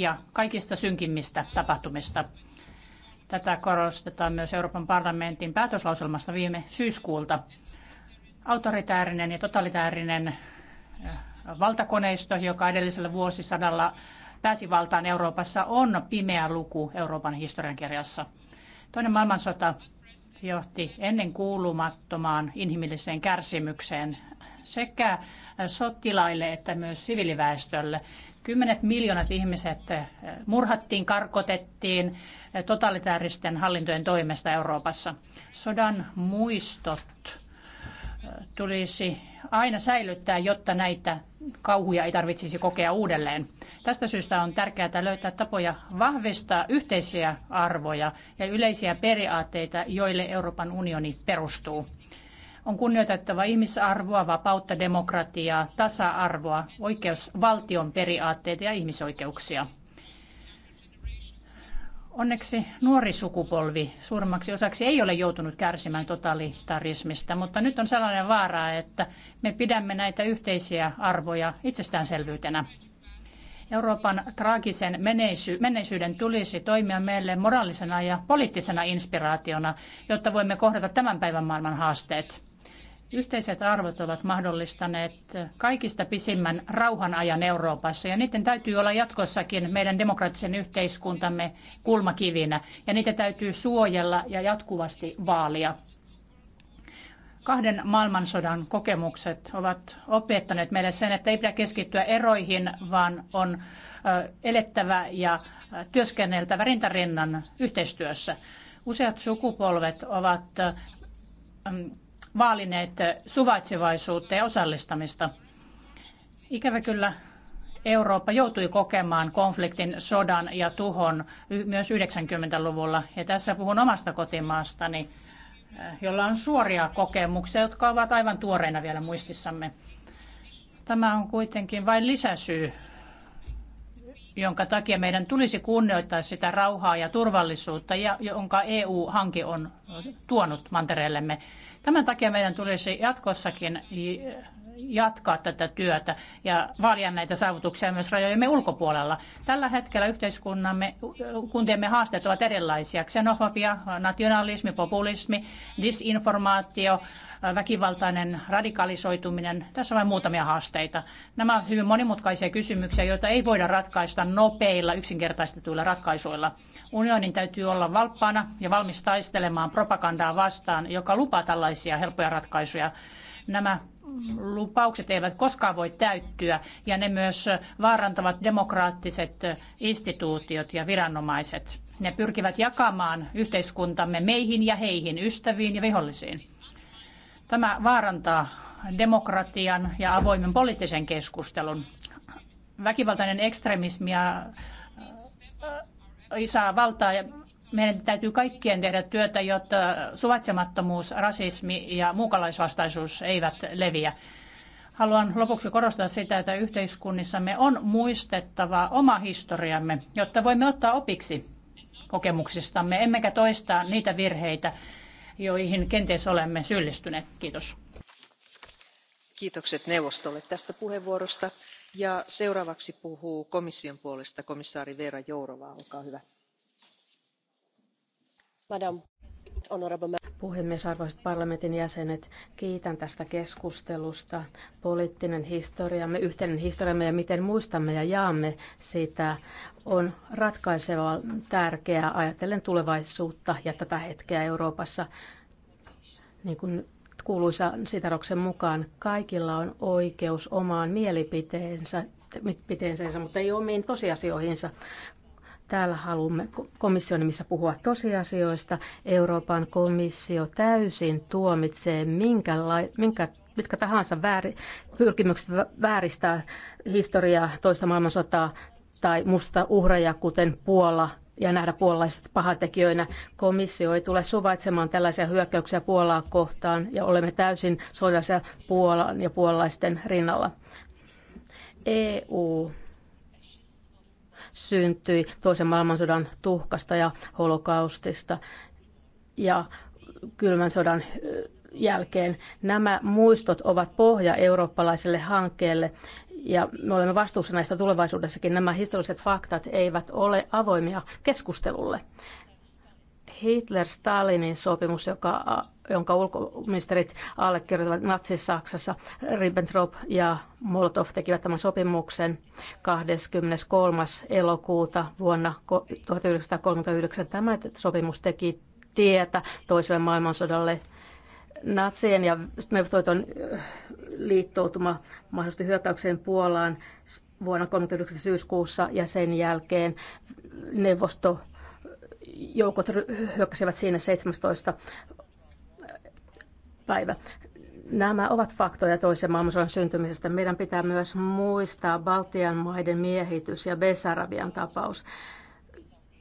ja kaikista synkimmistä tapahtumista. Tätä korostetaan myös Euroopan parlamentin päätöslauselmasta viime syyskuulta. Autoritäärinen ja totalitäärinen äh, valtakoneisto, joka edellisellä vuosisadalla pääsi valtaan Euroopassa, on pimeä luku Euroopan historiankirjassa. Toinen maailmansota johti ennen kuulumattomaan inhimilliseen kärsimykseen, sekä äh, sotilaille että myös siviiliväestölle. Kymmenet miljoonat ihmiset äh, murhattiin, karkotettiin äh, totalitaaristen hallintojen toimesta Euroopassa. Sodan muistot tulisi aina säilyttää, jotta näitä kauhuja ei tarvitsisi kokea uudelleen. Tästä syystä on tärkeää löytää tapoja vahvistaa yhteisiä arvoja ja yleisiä periaatteita, joille Euroopan unioni perustuu. On kunnioitettava ihmisarvoa, vapautta, demokratiaa, tasa-arvoa, oikeusvaltion periaatteita ja ihmisoikeuksia. Onneksi nuori sukupolvi suurimmaksi osaksi ei ole joutunut kärsimään totalitarismista, mutta nyt on sellainen vaara, että me pidämme näitä yhteisiä arvoja itsestäänselvyytenä. Euroopan traagisen menneisyyden tulisi toimia meille moraalisena ja poliittisena inspiraationa, jotta voimme kohdata tämän päivän maailman haasteet. Yhteiset arvot ovat mahdollistaneet kaikista pisimmän rauhanajan Euroopassa ja niiden täytyy olla jatkossakin meidän demokraattisen yhteiskuntamme kulmakivinä ja niitä täytyy suojella ja jatkuvasti vaalia. Kahden maailmansodan kokemukset ovat opettaneet meille sen, että ei pidä keskittyä eroihin, vaan on elettävä ja työskenneltävä rintarinnan yhteistyössä. Useat sukupolvet ovat vaalineet suvaitsevaisuutta ja osallistamista. Ikävä kyllä Eurooppa joutui kokemaan konfliktin, sodan ja tuhon myös 90-luvulla. Ja tässä puhun omasta kotimaastani, eh, jolla on suoria kokemuksia, jotka ovat aivan tuoreina vielä muistissamme. Tämä on kuitenkin vain lisäsyy jonka takia meidän tulisi kunnioittaa sitä rauhaa ja turvallisuutta, ja jonka EU-hanke on tuonut mantereellemme. Tämän takia meidän tulisi jatkossakin jatkaa tätä työtä ja vaalia näitä saavutuksia myös rajojemme ulkopuolella. Tällä hetkellä yhteiskunnamme, kuntiemme haasteet ovat erilaisia. Xenofobia, nationalismi, populismi, disinformaatio, väkivaltainen radikalisoituminen. Tässä on vain muutamia haasteita. Nämä ovat hyvin monimutkaisia kysymyksiä, joita ei voida ratkaista nopeilla, yksinkertaistetuilla ratkaisuilla. Unionin täytyy olla valppaana ja valmis taistelemaan propagandaa vastaan, joka lupaa tällaisia helppoja ratkaisuja. Nämä lupaukset eivät koskaan voi täyttyä ja ne myös vaarantavat demokraattiset instituutiot ja viranomaiset. Ne pyrkivät jakamaan yhteiskuntamme meihin ja heihin, ystäviin ja vihollisiin. Tämä vaarantaa demokratian ja avoimen poliittisen keskustelun. Väkivaltainen ekstremismi ja äh, saa valtaa ja meidän täytyy kaikkien tehdä työtä, jotta suvaitsemattomuus, rasismi ja muukalaisvastaisuus eivät leviä. Haluan lopuksi korostaa sitä, että yhteiskunnissamme on muistettava oma historiamme, jotta voimme ottaa opiksi kokemuksistamme, emmekä toistaa niitä virheitä, joihin kenties olemme syyllistyneet. Kiitos. Kiitokset neuvostolle tästä puheenvuorosta. Ja seuraavaksi puhuu komission puolesta komissaari Vera Jourova. Olkaa hyvä. Madam, honorable puhemies, arvoisat parlamentin jäsenet, kiitän tästä keskustelusta. Poliittinen historiamme, yhteinen historiamme ja miten muistamme ja jaamme sitä on ratkaisevan tärkeää ajatellen tulevaisuutta ja tätä hetkeä Euroopassa. Niin kuin kuuluisa Sitaroksen mukaan, kaikilla on oikeus omaan mielipiteensä, mielipiteensä mutta ei omiin tosiasioihinsa. Täällä haluamme komission nimissä puhua tosiasioista. Euroopan komissio täysin tuomitsee minkäla- minkä mitkä tahansa väärin, pyrkimykset vääristää historiaa toista maailmansotaa tai musta uhreja, kuten Puola ja nähdä puolalaiset pahatekijöinä. Komissio ei tule suvaitsemaan tällaisia hyökkäyksiä Puolaa kohtaan ja olemme täysin solidaisia Puolan ja puolalaisten rinnalla. EU syntyi toisen maailmansodan tuhkasta ja holokaustista ja kylmän sodan jälkeen. Nämä muistot ovat pohja eurooppalaiselle hankkeelle ja me olemme vastuussa näistä tulevaisuudessakin. Nämä historialliset faktat eivät ole avoimia keskustelulle. Hitler-Stalinin sopimus, joka, jonka ulkoministerit allekirjoittivat Natsi-Saksassa. Ribbentrop ja Molotov tekivät tämän sopimuksen 23. elokuuta vuonna 1939. Tämä sopimus teki tietä toiselle maailmansodalle natsien ja neuvostoliiton äh, liittoutuma mahdollisesti hyökkäykseen Puolaan vuonna 1939 syyskuussa ja sen jälkeen neuvosto joukot hyökkäsivät siinä 17. päivä. Nämä ovat faktoja toisen maailmansodan syntymisestä. Meidän pitää myös muistaa Baltian maiden miehitys ja Besarabian tapaus.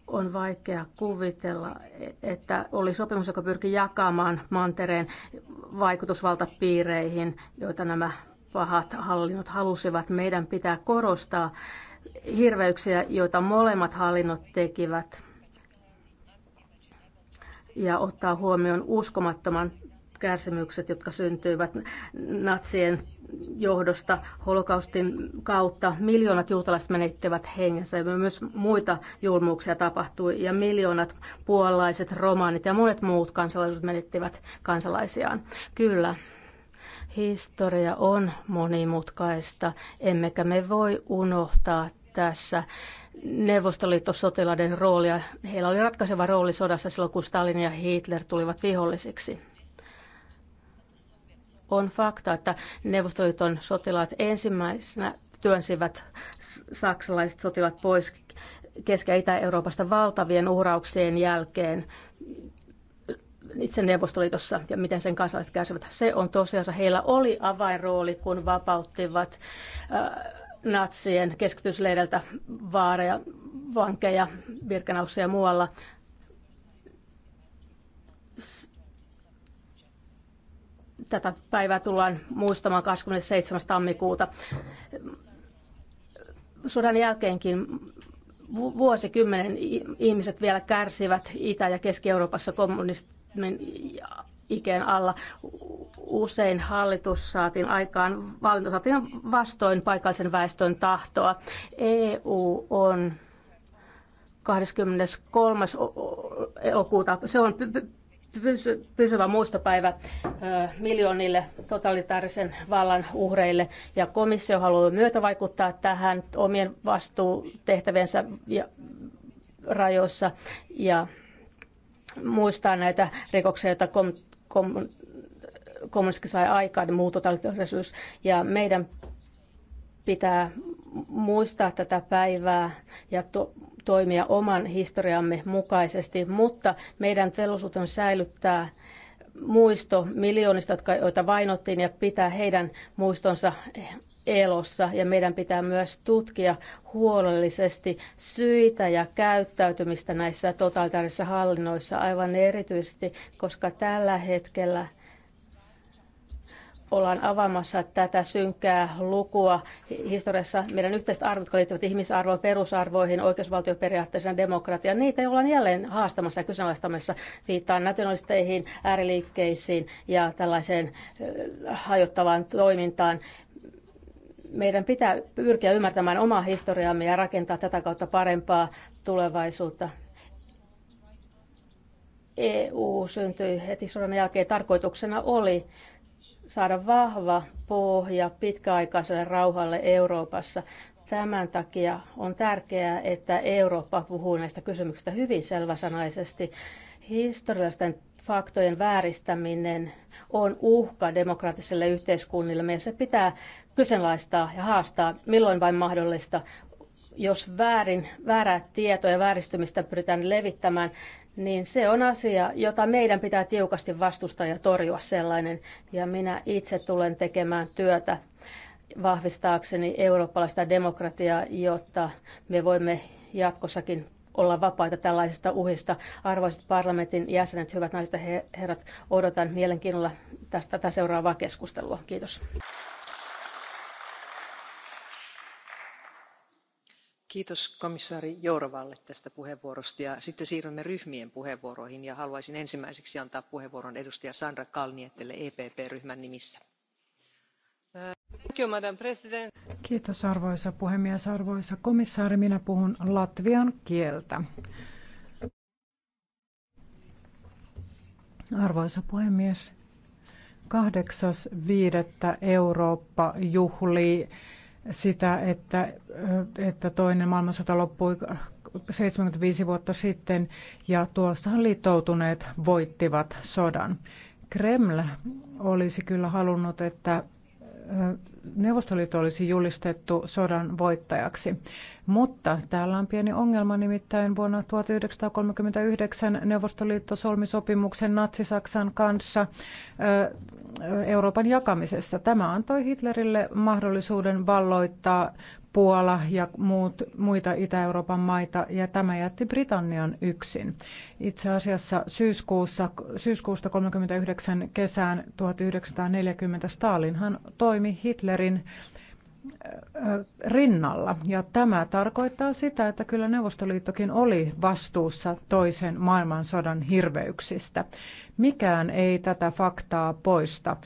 On vaikea kuvitella, että oli sopimus, joka pyrki jakamaan mantereen vaikutusvaltapiireihin, joita nämä pahat hallinnot halusivat. Meidän pitää korostaa hirveyksiä, joita molemmat hallinnot tekivät ja ottaa huomioon uskomattoman kärsimykset, jotka syntyivät natsien johdosta holokaustin kautta. Miljoonat juutalaiset menettivät hengensä ja myös muita julmuuksia tapahtui ja miljoonat puolalaiset, romaanit ja monet muut kansalaiset menettivät kansalaisiaan. Kyllä, historia on monimutkaista, emmekä me voi unohtaa tässä sotilaiden roolia. Heillä oli ratkaiseva rooli sodassa silloin, kun Stalin ja Hitler tulivat vihollisiksi. On fakta, että Neuvostoliiton sotilaat ensimmäisenä työnsivät saksalaiset sotilaat pois Keski- Itä-Euroopasta valtavien uhrauksien jälkeen itse Neuvostoliitossa ja miten sen kansalaiset kärsivät. Se on tosiaan, heillä oli avainrooli, kun vapauttivat äh, natsien keskitysleiriltä vaareja, vankeja Birkenaussa ja muualla. Tätä päivää tullaan muistamaan 27. tammikuuta. Sodan jälkeenkin vuosikymmenen ihmiset vielä kärsivät Itä- ja Keski-Euroopassa kommunismin ikeen alla. Usein hallitus saatiin aikaan, valinta saatiin vastoin paikallisen väestön tahtoa. EU on 23. elokuuta, se on pysyvä muistopäivä miljoonille totalitaarisen vallan uhreille. Ja komissio haluaa vaikuttaa tähän omien vastuutehtävensä ja rajoissa ja muistaa näitä rikoksia, joita kommunistikin sai aikaan, niin muu totalitarisuus. Ja meidän pitää muistaa tätä päivää ja to- toimia oman historiamme mukaisesti, mutta meidän velvollisuutemme on säilyttää muisto miljoonista, joita vainottiin, ja pitää heidän muistonsa elossa ja meidän pitää myös tutkia huolellisesti syitä ja käyttäytymistä näissä totalitaarisissa hallinnoissa aivan erityisesti, koska tällä hetkellä ollaan avaamassa tätä synkkää lukua historiassa. Meidän yhteiset arvot, jotka liittyvät ihmisarvoihin, perusarvoihin, oikeusvaltioperiaatteeseen, demokratiaan, niitä ollaan jälleen haastamassa ja kyseenalaistamassa. Viittaan nationalisteihin, ääriliikkeisiin ja tällaiseen hajottavaan toimintaan meidän pitää pyrkiä ymmärtämään omaa historiaamme ja rakentaa tätä kautta parempaa tulevaisuutta. EU syntyi heti sodan jälkeen. Tarkoituksena oli saada vahva pohja pitkäaikaiselle rauhalle Euroopassa. Tämän takia on tärkeää, että Eurooppa puhuu näistä kysymyksistä hyvin selväsanaisesti. Historiallisten faktojen vääristäminen on uhka demokraattiselle yhteiskunnille. Meidän se pitää kyseenalaistaa ja haastaa milloin vain mahdollista. Jos väärin, väärää tietoa ja vääristymistä pyritään levittämään, niin se on asia, jota meidän pitää tiukasti vastustaa ja torjua sellainen. Ja minä itse tulen tekemään työtä vahvistaakseni eurooppalaista demokratiaa, jotta me voimme jatkossakin olla vapaita tällaisista uhista. Arvoisat parlamentin jäsenet, hyvät naiset ja herrat, odotan mielenkiinnolla tästä tätä seuraavaa keskustelua. Kiitos. Kiitos komissaari Jourovalle tästä puheenvuorosta ja sitten siirrymme ryhmien puheenvuoroihin ja haluaisin ensimmäiseksi antaa puheenvuoron edustaja Sandra Kalnietelle EPP-ryhmän nimissä Kiitos arvoisa puhemies, arvoisa komissaari. Minä puhun latvian kieltä. Arvoisa puhemies, 8.5. Eurooppa juhlii sitä, että, että toinen maailmansota loppui 75 vuotta sitten ja tuossahan liittoutuneet voittivat sodan. Kreml olisi kyllä halunnut, että Neuvostoliitto olisi julistettu sodan voittajaksi. Mutta täällä on pieni ongelma, nimittäin vuonna 1939 Neuvostoliitto solmi sopimuksen Natsi-Saksan kanssa Euroopan jakamisessa. Tämä antoi Hitlerille mahdollisuuden valloittaa Puola ja muut, muita Itä-Euroopan maita, ja tämä jätti Britannian yksin. Itse asiassa syyskuussa, syyskuusta 39 kesään 1940 Stalinhan toimi Hitlerin rinnalla. Ja tämä tarkoittaa sitä, että kyllä Neuvostoliittokin oli vastuussa toisen maailmansodan hirveyksistä. Mikään ei tätä faktaa poista.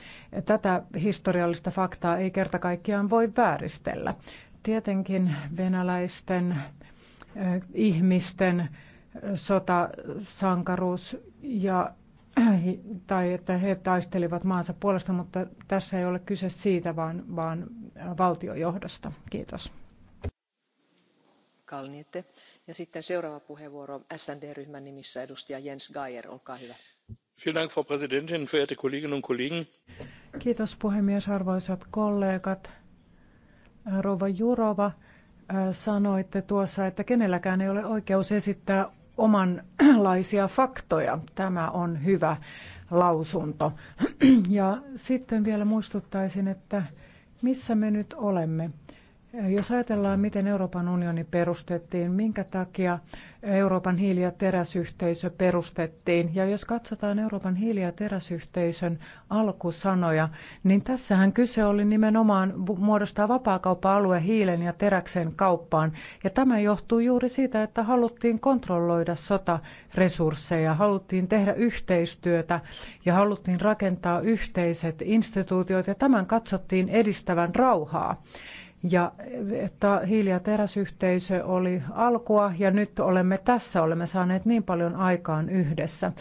Tätä historiallista faktaa ei kerta kaikkiaan voi vääristellä. Tietenkin venäläisten ihmisten sotasankaruus ja tai että he taistelivat maansa puolesta, mutta tässä ei ole kyse siitä, vaan, vaan valtiojohdosta. Kiitos. Kalniette. Ja sitten seuraava puheenvuoro SND-ryhmän nimissä edustaja Jens Geier, olkaa hyvä. Vielen Frau Kiitos puhemies, arvoisat kollegat. Rouva Jurova, äh, sanoitte tuossa, että kenelläkään ei ole oikeus esittää omanlaisia faktoja. Tämä on hyvä lausunto. Ja sitten vielä muistuttaisin, että missä me nyt olemme. Jos ajatellaan, miten Euroopan unioni perustettiin, minkä takia Euroopan hiili- ja teräsyhteisö perustettiin, ja jos katsotaan Euroopan hiili- ja teräsyhteisön alkusanoja, niin tässähän kyse oli nimenomaan muodostaa vapaakauppa-alue hiilen ja teräksen kauppaan. Ja tämä johtuu juuri siitä, että haluttiin kontrolloida sotaresursseja, haluttiin tehdä yhteistyötä ja haluttiin rakentaa yhteiset instituutiot, ja tämän katsottiin edistävän rauhaa. Ja että hiili- ja teräsyhteisö oli alkua ja nyt olemme tässä, olemme saaneet niin paljon aikaan yhdessä.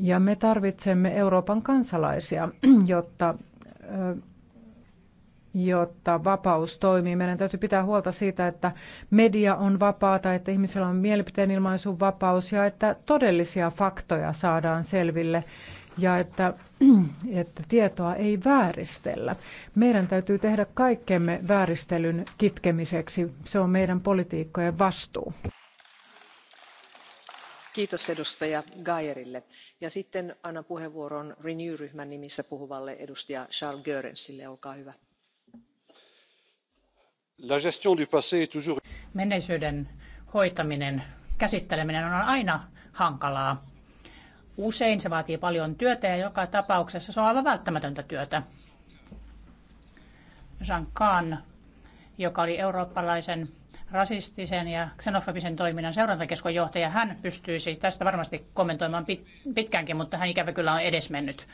Ja me tarvitsemme Euroopan kansalaisia, jotta, jotta vapaus toimii. Meidän täytyy pitää huolta siitä, että media on vapaata, että ihmisillä on mielipiteen ilmaisun vapaus ja että todellisia faktoja saadaan selville ja että, että tietoa ei vääristellä. Meidän täytyy tehdä kaikkemme vääristelyn kitkemiseksi. Se on meidän politiikkojen vastuu. Kiitos edustaja Gaierille. Ja sitten annan puheenvuoron Renew-ryhmän nimissä puhuvalle edustaja Charles Görensille. Olkaa hyvä. La gestion du passé est toujours... Menneisyyden hoitaminen, käsitteleminen on aina hankalaa Usein se vaatii paljon työtä ja joka tapauksessa se on aivan välttämätöntä työtä. Jean Kahn, joka oli eurooppalaisen rasistisen ja xenofobisen toiminnan seurantakeskon johtaja, hän pystyisi tästä varmasti kommentoimaan pitkäänkin, mutta hän ikävä kyllä on edesmennyt.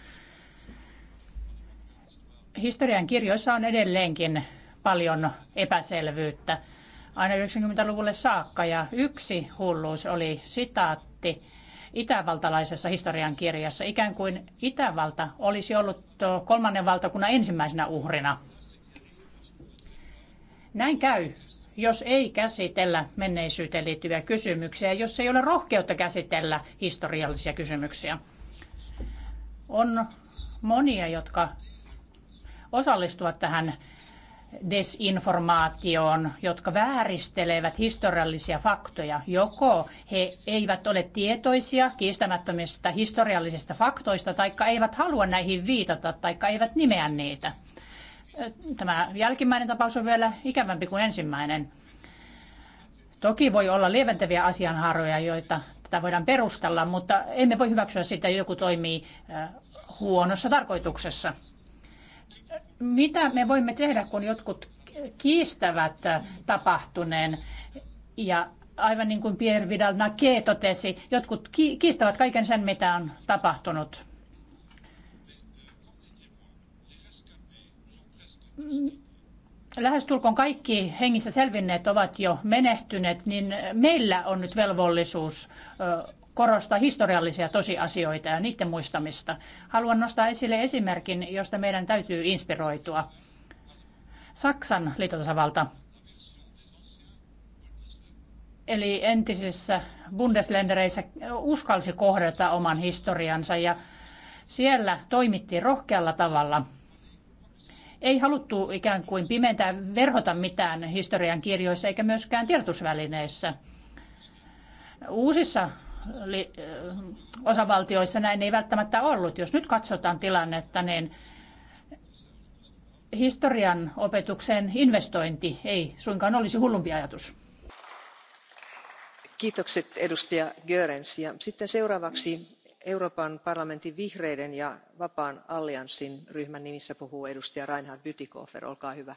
Historian kirjoissa on edelleenkin paljon epäselvyyttä aina 90-luvulle saakka ja yksi hulluus oli sitaatti itävaltalaisessa historiankirjassa, ikään kuin Itävalta olisi ollut kolmannen valtakunnan ensimmäisenä uhrina. Näin käy, jos ei käsitellä menneisyyteen liittyviä kysymyksiä, jos ei ole rohkeutta käsitellä historiallisia kysymyksiä. On monia, jotka osallistuvat tähän desinformaatioon, jotka vääristelevät historiallisia faktoja. Joko he eivät ole tietoisia kiistämättömistä historiallisista faktoista, taikka eivät halua näihin viitata, taikka eivät nimeä niitä. Tämä jälkimmäinen tapaus on vielä ikävämpi kuin ensimmäinen. Toki voi olla lieventäviä asianhaaroja, joita tätä voidaan perustella, mutta emme voi hyväksyä sitä, että joku toimii huonossa tarkoituksessa mitä me voimme tehdä, kun jotkut kiistävät tapahtuneen ja aivan niin kuin Pierre Vidal Nake totesi, jotkut kiistävät kaiken sen, mitä on tapahtunut. Lähestulkoon kaikki hengissä selvinneet ovat jo menehtyneet, niin meillä on nyt velvollisuus korostaa historiallisia tosiasioita ja niiden muistamista. Haluan nostaa esille esimerkin, josta meidän täytyy inspiroitua. Saksan liitotasavalta. Eli entisissä Bundesländereissä uskalsi kohdata oman historiansa ja siellä toimittiin rohkealla tavalla – ei haluttu ikään kuin pimentää, verhota mitään historian kirjoissa eikä myöskään tiedotusvälineissä. Uusissa osavaltioissa näin ei välttämättä ollut. Jos nyt katsotaan tilannetta, niin historian opetuksen investointi ei suinkaan olisi hullumpi ajatus. Kiitokset edustaja Görens. Ja sitten seuraavaksi Euroopan parlamentin vihreiden ja vapaan allianssin ryhmän nimissä puhuu edustaja Reinhard Bütikofer. Olkaa hyvä.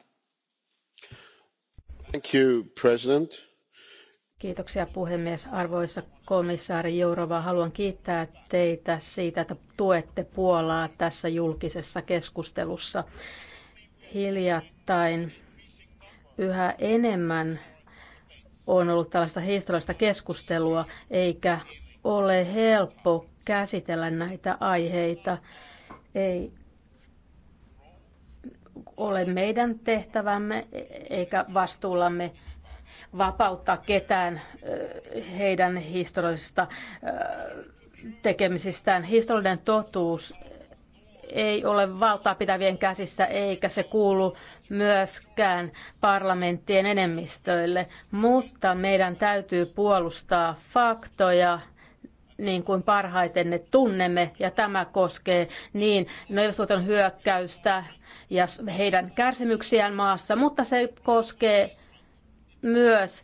Thank you, President Kiitoksia puhemies. Arvoisa komissaari Jourova, haluan kiittää teitä siitä, että tuette Puolaa tässä julkisessa keskustelussa. Hiljattain yhä enemmän on ollut tällaista historiallista keskustelua, eikä ole helppo käsitellä näitä aiheita. Ei ole meidän tehtävämme eikä vastuullamme vapauttaa ketään heidän historiallisista tekemisistään. Historiallinen totuus ei ole valtaa pitävien käsissä eikä se kuulu myöskään parlamenttien enemmistöille, mutta meidän täytyy puolustaa faktoja niin kuin parhaiten ne tunnemme, ja tämä koskee niin neuvostoton hyökkäystä ja heidän kärsimyksiään maassa, mutta se koskee myös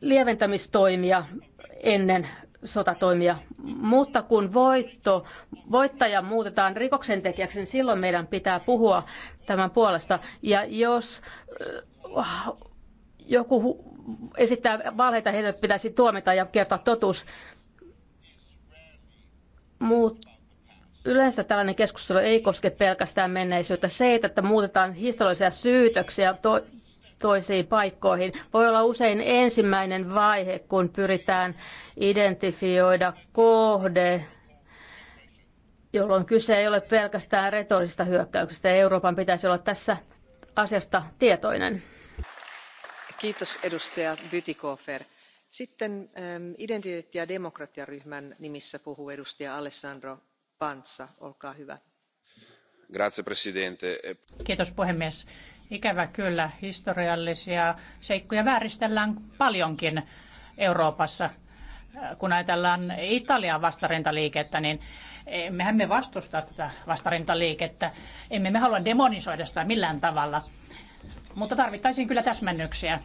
lieventämistoimia ennen sotatoimia, mutta kun voitto, voittaja muutetaan rikoksentekijäksi, niin silloin meidän pitää puhua tämän puolesta. Ja jos joku esittää valheita, heitä pitäisi tuomita ja kertoa totuus. Mut yleensä tällainen keskustelu ei koske pelkästään menneisyyttä. Se, että muutetaan historiallisia syytöksiä to- toisiin paikkoihin. Voi olla usein ensimmäinen vaihe, kun pyritään identifioida kohde, jolloin kyse ei ole pelkästään retorisista hyökkäyksestä. Euroopan pitäisi olla tässä asiasta tietoinen. Kiitos edustaja Bytikofer. Sitten ähm, identiteetti- ja demokratiaryhmän nimissä puhuu edustaja Alessandro Panza. Olkaa hyvä. Grazie, presidente. Kiitos puhemies. Ikävä kyllä, historiallisia seikkoja vääristellään paljonkin Euroopassa. Kun ajatellaan Italian vastarintaliikettä, niin mehän me vastusta tätä vastarintaliikettä. Emme me halua demonisoida sitä millään tavalla. Mutta tarvittaisiin kyllä täsmennyksiä.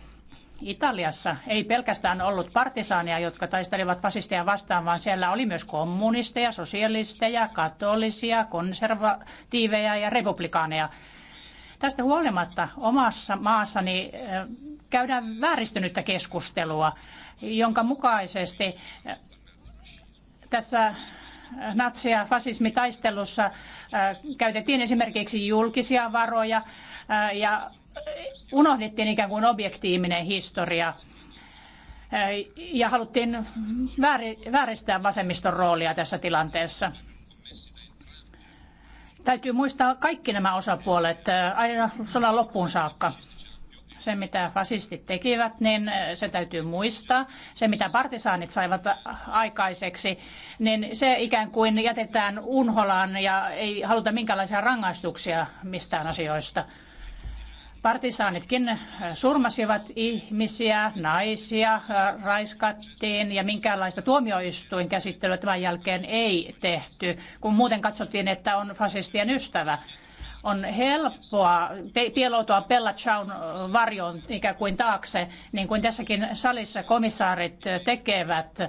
Italiassa ei pelkästään ollut partisaania, jotka taistelivat fasisteja vastaan, vaan siellä oli myös kommunisteja, sosialisteja, katolisia, konservatiiveja ja republikaaneja. Tästä huolimatta omassa maassani käydään vääristynyttä keskustelua, jonka mukaisesti tässä natsi- ja fasismitaistelussa käytettiin esimerkiksi julkisia varoja ja unohdettiin ikään kuin objektiivinen historia ja haluttiin vääristää vasemmiston roolia tässä tilanteessa. Täytyy muistaa kaikki nämä osapuolet aina sodan loppuun saakka. Se, mitä fasistit tekivät, niin se täytyy muistaa. Se, mitä partisaanit saivat aikaiseksi, niin se ikään kuin jätetään unholaan ja ei haluta minkälaisia rangaistuksia mistään asioista partisaanitkin äh, surmasivat ihmisiä, naisia, äh, raiskattiin ja minkäänlaista tuomioistuinkäsittelyä tämän jälkeen ei tehty, kun muuten katsottiin, että on fasistien ystävä. On helppoa piiloutua Bella Chaun varjon ikään kuin taakse, niin kuin tässäkin salissa komissaarit tekevät.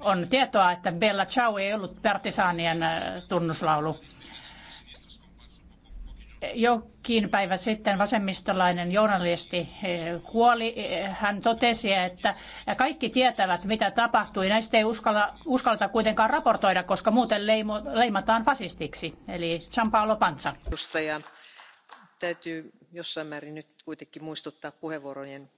On tietoa, että Bella Chau ei ollut partisaanien äh, tunnuslaulu. Jokin päivä sitten vasemmistolainen journalisti eh, kuoli. Eh, hän totesi, että kaikki tietävät, mitä tapahtui. Näistä ei uskalla, uskalta kuitenkaan raportoida, koska muuten leimo, leimataan fasistiksi. Eli Gianpaolo Panza. Edustaja, täytyy jossain määrin nyt kuitenkin muistuttaa puheenvuorojen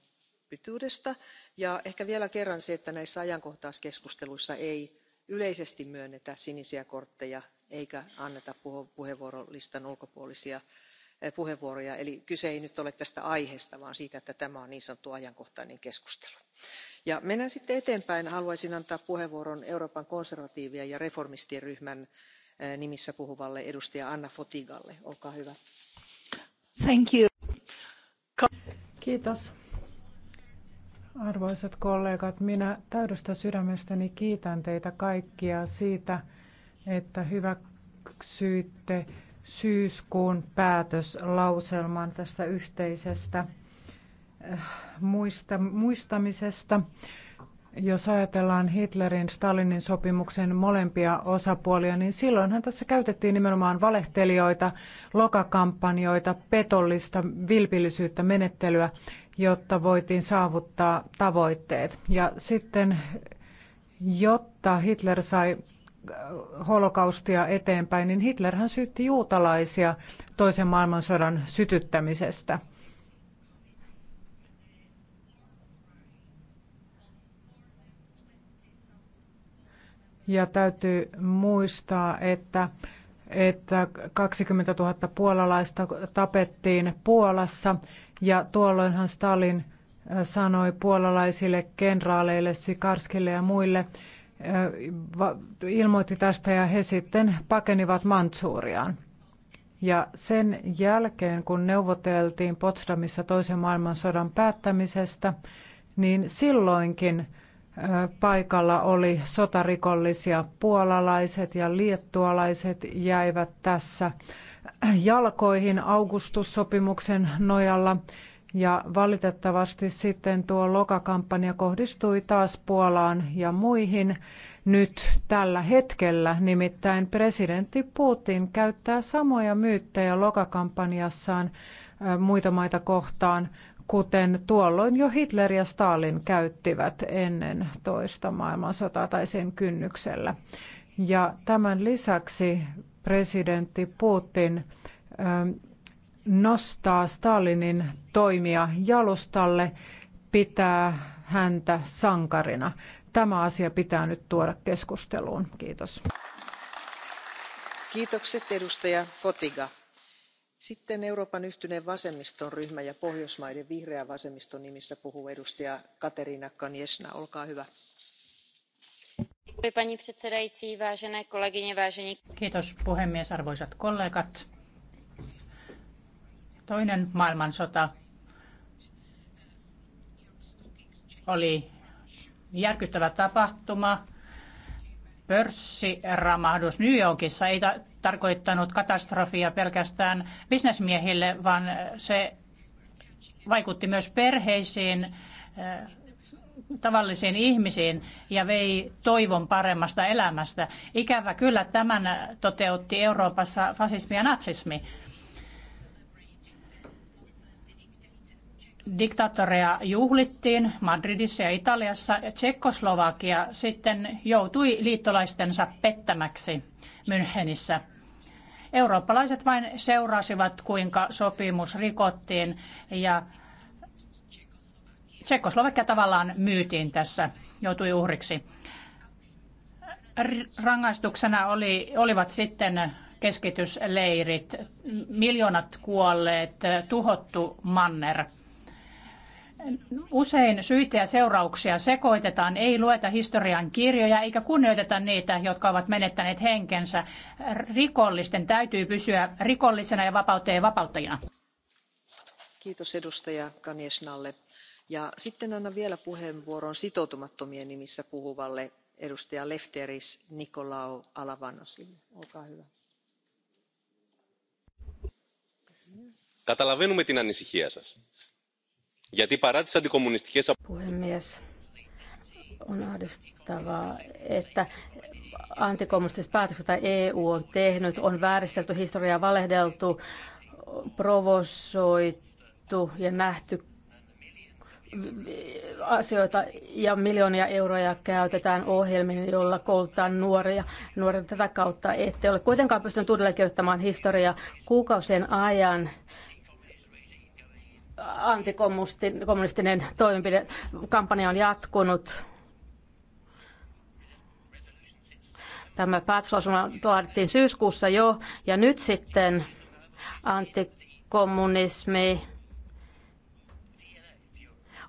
pituudesta. Ja ehkä vielä kerran se, että näissä ajankohtaiskeskusteluissa ei yleisesti myönnetä sinisiä kortteja eikä anneta puheenvuorolistan ulkopuolisia eh, puheenvuoroja eli kyse ei nyt ole tästä aiheesta vaan siitä että tämä on niin sanottu ajankohtainen keskustelu. Ja mennään sitten eteenpäin. Haluaisin antaa puheenvuoron Euroopan konservatiivien ja reformistien ryhmän eh, nimissä puhuvalle edustaja Anna Fotigalle. Olkaa hyvä. Thank you. Kiitos. Arvoisat kollegat, minä täydestä sydämestäni kiitän teitä kaikkia siitä, että hyväksyitte syyskuun päätöslauselman tästä yhteisestä äh, muista, muistamisesta. Jos ajatellaan Hitlerin Stalinin sopimuksen molempia osapuolia, niin silloinhan tässä käytettiin nimenomaan valehtelijoita, lokakampanjoita, petollista vilpillisyyttä, menettelyä, jotta voitiin saavuttaa tavoitteet. Ja sitten, jotta Hitler sai holokaustia eteenpäin, niin Hitlerhän syytti juutalaisia toisen maailmansodan sytyttämisestä. Ja täytyy muistaa, että, että 20 000 puolalaista tapettiin Puolassa ja tuolloinhan Stalin äh, sanoi puolalaisille kenraaleille, Sikarskille ja muille, ilmoitti tästä ja he sitten pakenivat Mantsuuriaan. Ja sen jälkeen, kun neuvoteltiin Potsdamissa toisen maailmansodan päättämisestä, niin silloinkin paikalla oli sotarikollisia. Puolalaiset ja liettualaiset jäivät tässä jalkoihin augustussopimuksen nojalla ja valitettavasti sitten tuo lokakampanja kohdistui taas Puolaan ja muihin nyt tällä hetkellä. Nimittäin presidentti Putin käyttää samoja myyttejä lokakampanjassaan muita maita kohtaan, kuten tuolloin jo Hitler ja Stalin käyttivät ennen toista maailmansotaa tai sen kynnyksellä. Ja tämän lisäksi presidentti Putin nostaa Stalinin toimia jalustalle, pitää häntä sankarina. Tämä asia pitää nyt tuoda keskusteluun. Kiitos. Kiitokset edustaja Fotiga. Sitten Euroopan yhtyneen vasemmiston ryhmä ja Pohjoismaiden vihreä vasemmiston nimissä puhuu edustaja Katerina Kanjesna. Olkaa hyvä. Kiitos puhemies, arvoisat kollegat Toinen maailmansota oli järkyttävä tapahtuma. Pörssiramahdus New Yorkissa ei ta- tarkoittanut katastrofia pelkästään bisnesmiehille, vaan se vaikutti myös perheisiin, eh, tavallisiin ihmisiin ja vei toivon paremmasta elämästä. Ikävä kyllä tämän toteutti Euroopassa fasismi ja natsismi. diktaattoreja juhlittiin Madridissa ja Italiassa. Tsekkoslovakia sitten joutui liittolaistensa pettämäksi Münchenissä. Eurooppalaiset vain seurasivat, kuinka sopimus rikottiin ja Tsekkoslovakia tavallaan myytiin tässä, joutui uhriksi. Rangaistuksena oli, olivat sitten keskitysleirit, miljoonat kuolleet, tuhottu manner – Usein syitä ja seurauksia sekoitetaan, ei lueta historian kirjoja eikä kunnioiteta niitä, jotka ovat menettäneet henkensä. Rikollisten täytyy pysyä rikollisena ja vapauteen vapauttajina. Kiitos edustaja Kanjesnalle. Ja sitten annan vielä puheenvuoron sitoutumattomien nimissä puhuvalle edustaja Lefteris Nikolao Alavanosille. Olkaa hyvä. Καταλαβαίνουμε την ανησυχία Puhemies, on ahdistavaa, että antikommunistiset päätökset, joita EU on tehnyt, on vääristelty historiaa, valehdeltu, provosoitu ja nähty asioita ja miljoonia euroja käytetään ohjelmiin, joilla koulutetaan nuoria. Nuoret tätä kautta ette ole kuitenkaan pystynyt uudelleen kirjoittamaan historiaa kuukausien ajan antikommunistinen kampanja on jatkunut. Tämä päätöslausuma laadittiin syyskuussa jo, ja nyt sitten antikommunismi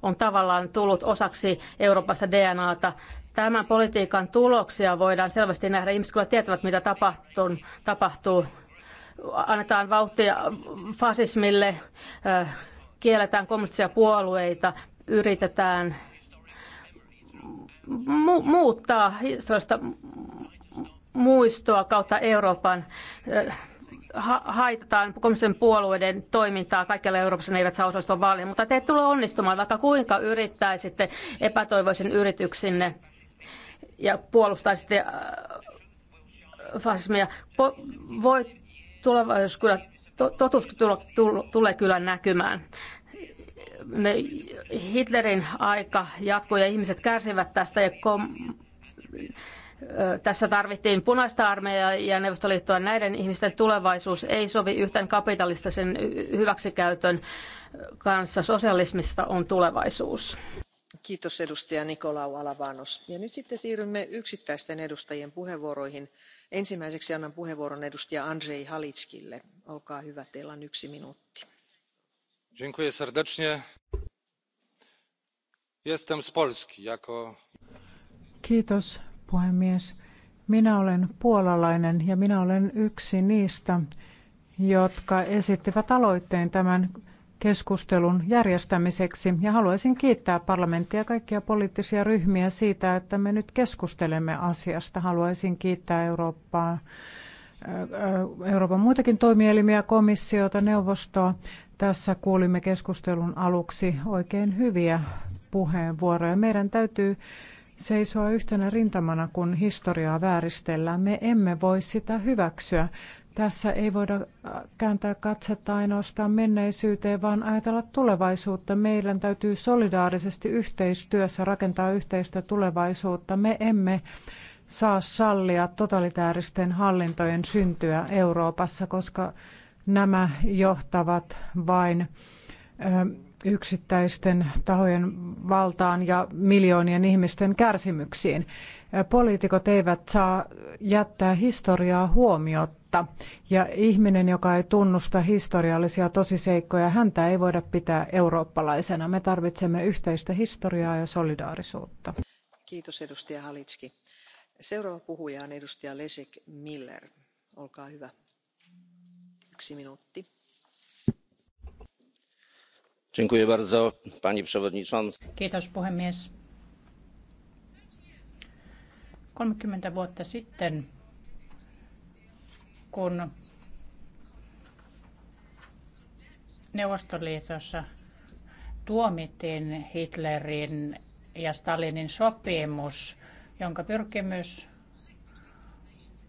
on tavallaan tullut osaksi Euroopassa DNAta. Tämän politiikan tuloksia voidaan selvästi nähdä. Ihmiset kyllä tietävät, mitä tapahtuu. tapahtuu. Annetaan vauhtia fasismille, äh, kielletään kommunistisia puolueita, yritetään mu- muuttaa historiallista muistoa kautta Euroopan ha- haitataan komission puolueiden toimintaa. Kaikkialla Euroopassa ne eivät saa osallistua vaaleihin, mutta te ette tule onnistumaan, vaikka kuinka yrittäisitte epätoivoisen yrityksinne ja puolustaisitte äh, fasismia. Po- voi tulevaisuus kyllä totuus tulee kyllä näkymään. Me Hitlerin aika jatkuu ja ihmiset kärsivät tästä ja kom- tässä tarvittiin punaista armeijaa ja Neuvostoliittoa. Näiden ihmisten tulevaisuus ei sovi yhtään kapitalistisen hyväksikäytön kanssa. Sosialismista on tulevaisuus kiitos edustaja nicolau alavanos. ja nyt sitten siirrymme yksittäisten edustajien puheenvuoroihin. ensimmäiseksi annan puheenvuoron edustaja andrzej halickille. olkaa hyvä teillä on yksi minuutti. dziękuję serdecznie. jestem z polski jako. kiitos puhemies. Minä olen puolalainen ja minä olen yksi niistä, jotka esittivät aloitteen tämän keskustelun järjestämiseksi ja haluaisin kiittää parlamenttia ja kaikkia poliittisia ryhmiä siitä, että me nyt keskustelemme asiasta. Haluaisin kiittää Eurooppaa, äh, Euroopan muitakin toimielimiä, komissiota, neuvostoa. Tässä kuulimme keskustelun aluksi oikein hyviä puheenvuoroja. Meidän täytyy seisoa yhtenä rintamana, kun historiaa vääristellään. Me emme voi sitä hyväksyä. Tässä ei voida äh, kääntää katsetta ainoastaan menneisyyteen, vaan ajatella tulevaisuutta. Meidän täytyy solidaarisesti yhteistyössä rakentaa yhteistä tulevaisuutta. Me emme saa sallia totalitääristen hallintojen syntyä Euroopassa, koska nämä johtavat vain ähm, yksittäisten tahojen valtaan ja miljoonien ihmisten kärsimyksiin. Poliitikot eivät saa jättää historiaa huomiotta ja ihminen, joka ei tunnusta historiallisia tosiseikkoja, häntä ei voida pitää eurooppalaisena. Me tarvitsemme yhteistä historiaa ja solidaarisuutta. Kiitos edustaja Halitski. Seuraava puhuja on edustaja Lesek Miller. Olkaa hyvä. Yksi minuutti Dziękuję bardzo, pani przewodnicząca! kiitos puhemies 30 vuotta sitten, kun Neuvostoliitossa tuomittiin Hitlerin ja Stalinin sopimus, jonka pyrkimys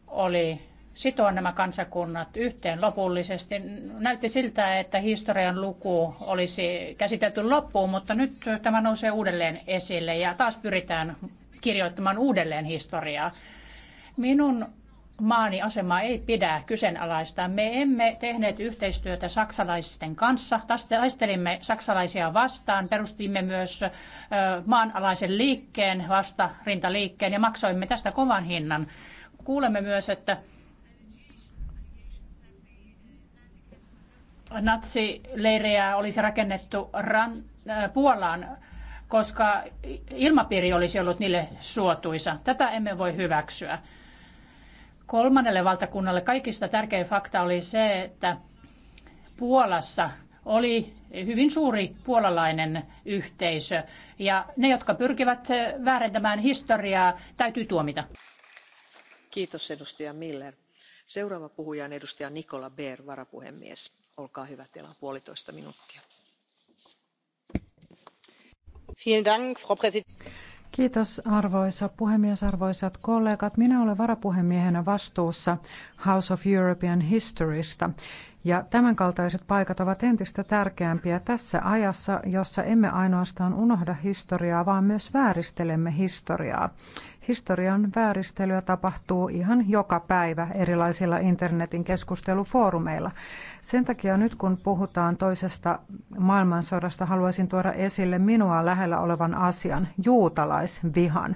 oli sitoa nämä kansakunnat yhteen lopullisesti. Näytti siltä, että historian luku olisi käsitelty loppuun, mutta nyt tämä nousee uudelleen esille ja taas pyritään kirjoittamaan uudelleen historiaa. Minun maani asemaa ei pidä kyseenalaistaa. Me emme tehneet yhteistyötä saksalaisten kanssa, taistelimme saksalaisia vastaan, perustimme myös maanalaisen liikkeen, vastarintaliikkeen ja maksoimme tästä kovan hinnan. Kuulemme myös, että natsileirejä olisi rakennettu ran, Puolaan koska ilmapiiri olisi ollut niille suotuisa. Tätä emme voi hyväksyä. Kolmannelle valtakunnalle kaikista tärkein fakta oli se, että Puolassa oli hyvin suuri puolalainen yhteisö. Ja ne, jotka pyrkivät väärentämään historiaa, täytyy tuomita. Kiitos edustaja Miller. Seuraava puhuja on edustaja Nikola Beer, varapuhemies. Olkaa hyvä, teillä on puolitoista minuuttia Kiitos arvoisa puhemies, arvoisat kollegat. Minä olen varapuhemiehenä vastuussa House of European Historysta. Ja tämänkaltaiset paikat ovat entistä tärkeämpiä tässä ajassa, jossa emme ainoastaan unohda historiaa, vaan myös vääristelemme historiaa. Historian vääristelyä tapahtuu ihan joka päivä erilaisilla internetin keskustelufoorumeilla. Sen takia nyt kun puhutaan toisesta maailmansodasta, haluaisin tuoda esille minua lähellä olevan asian, juutalaisvihan.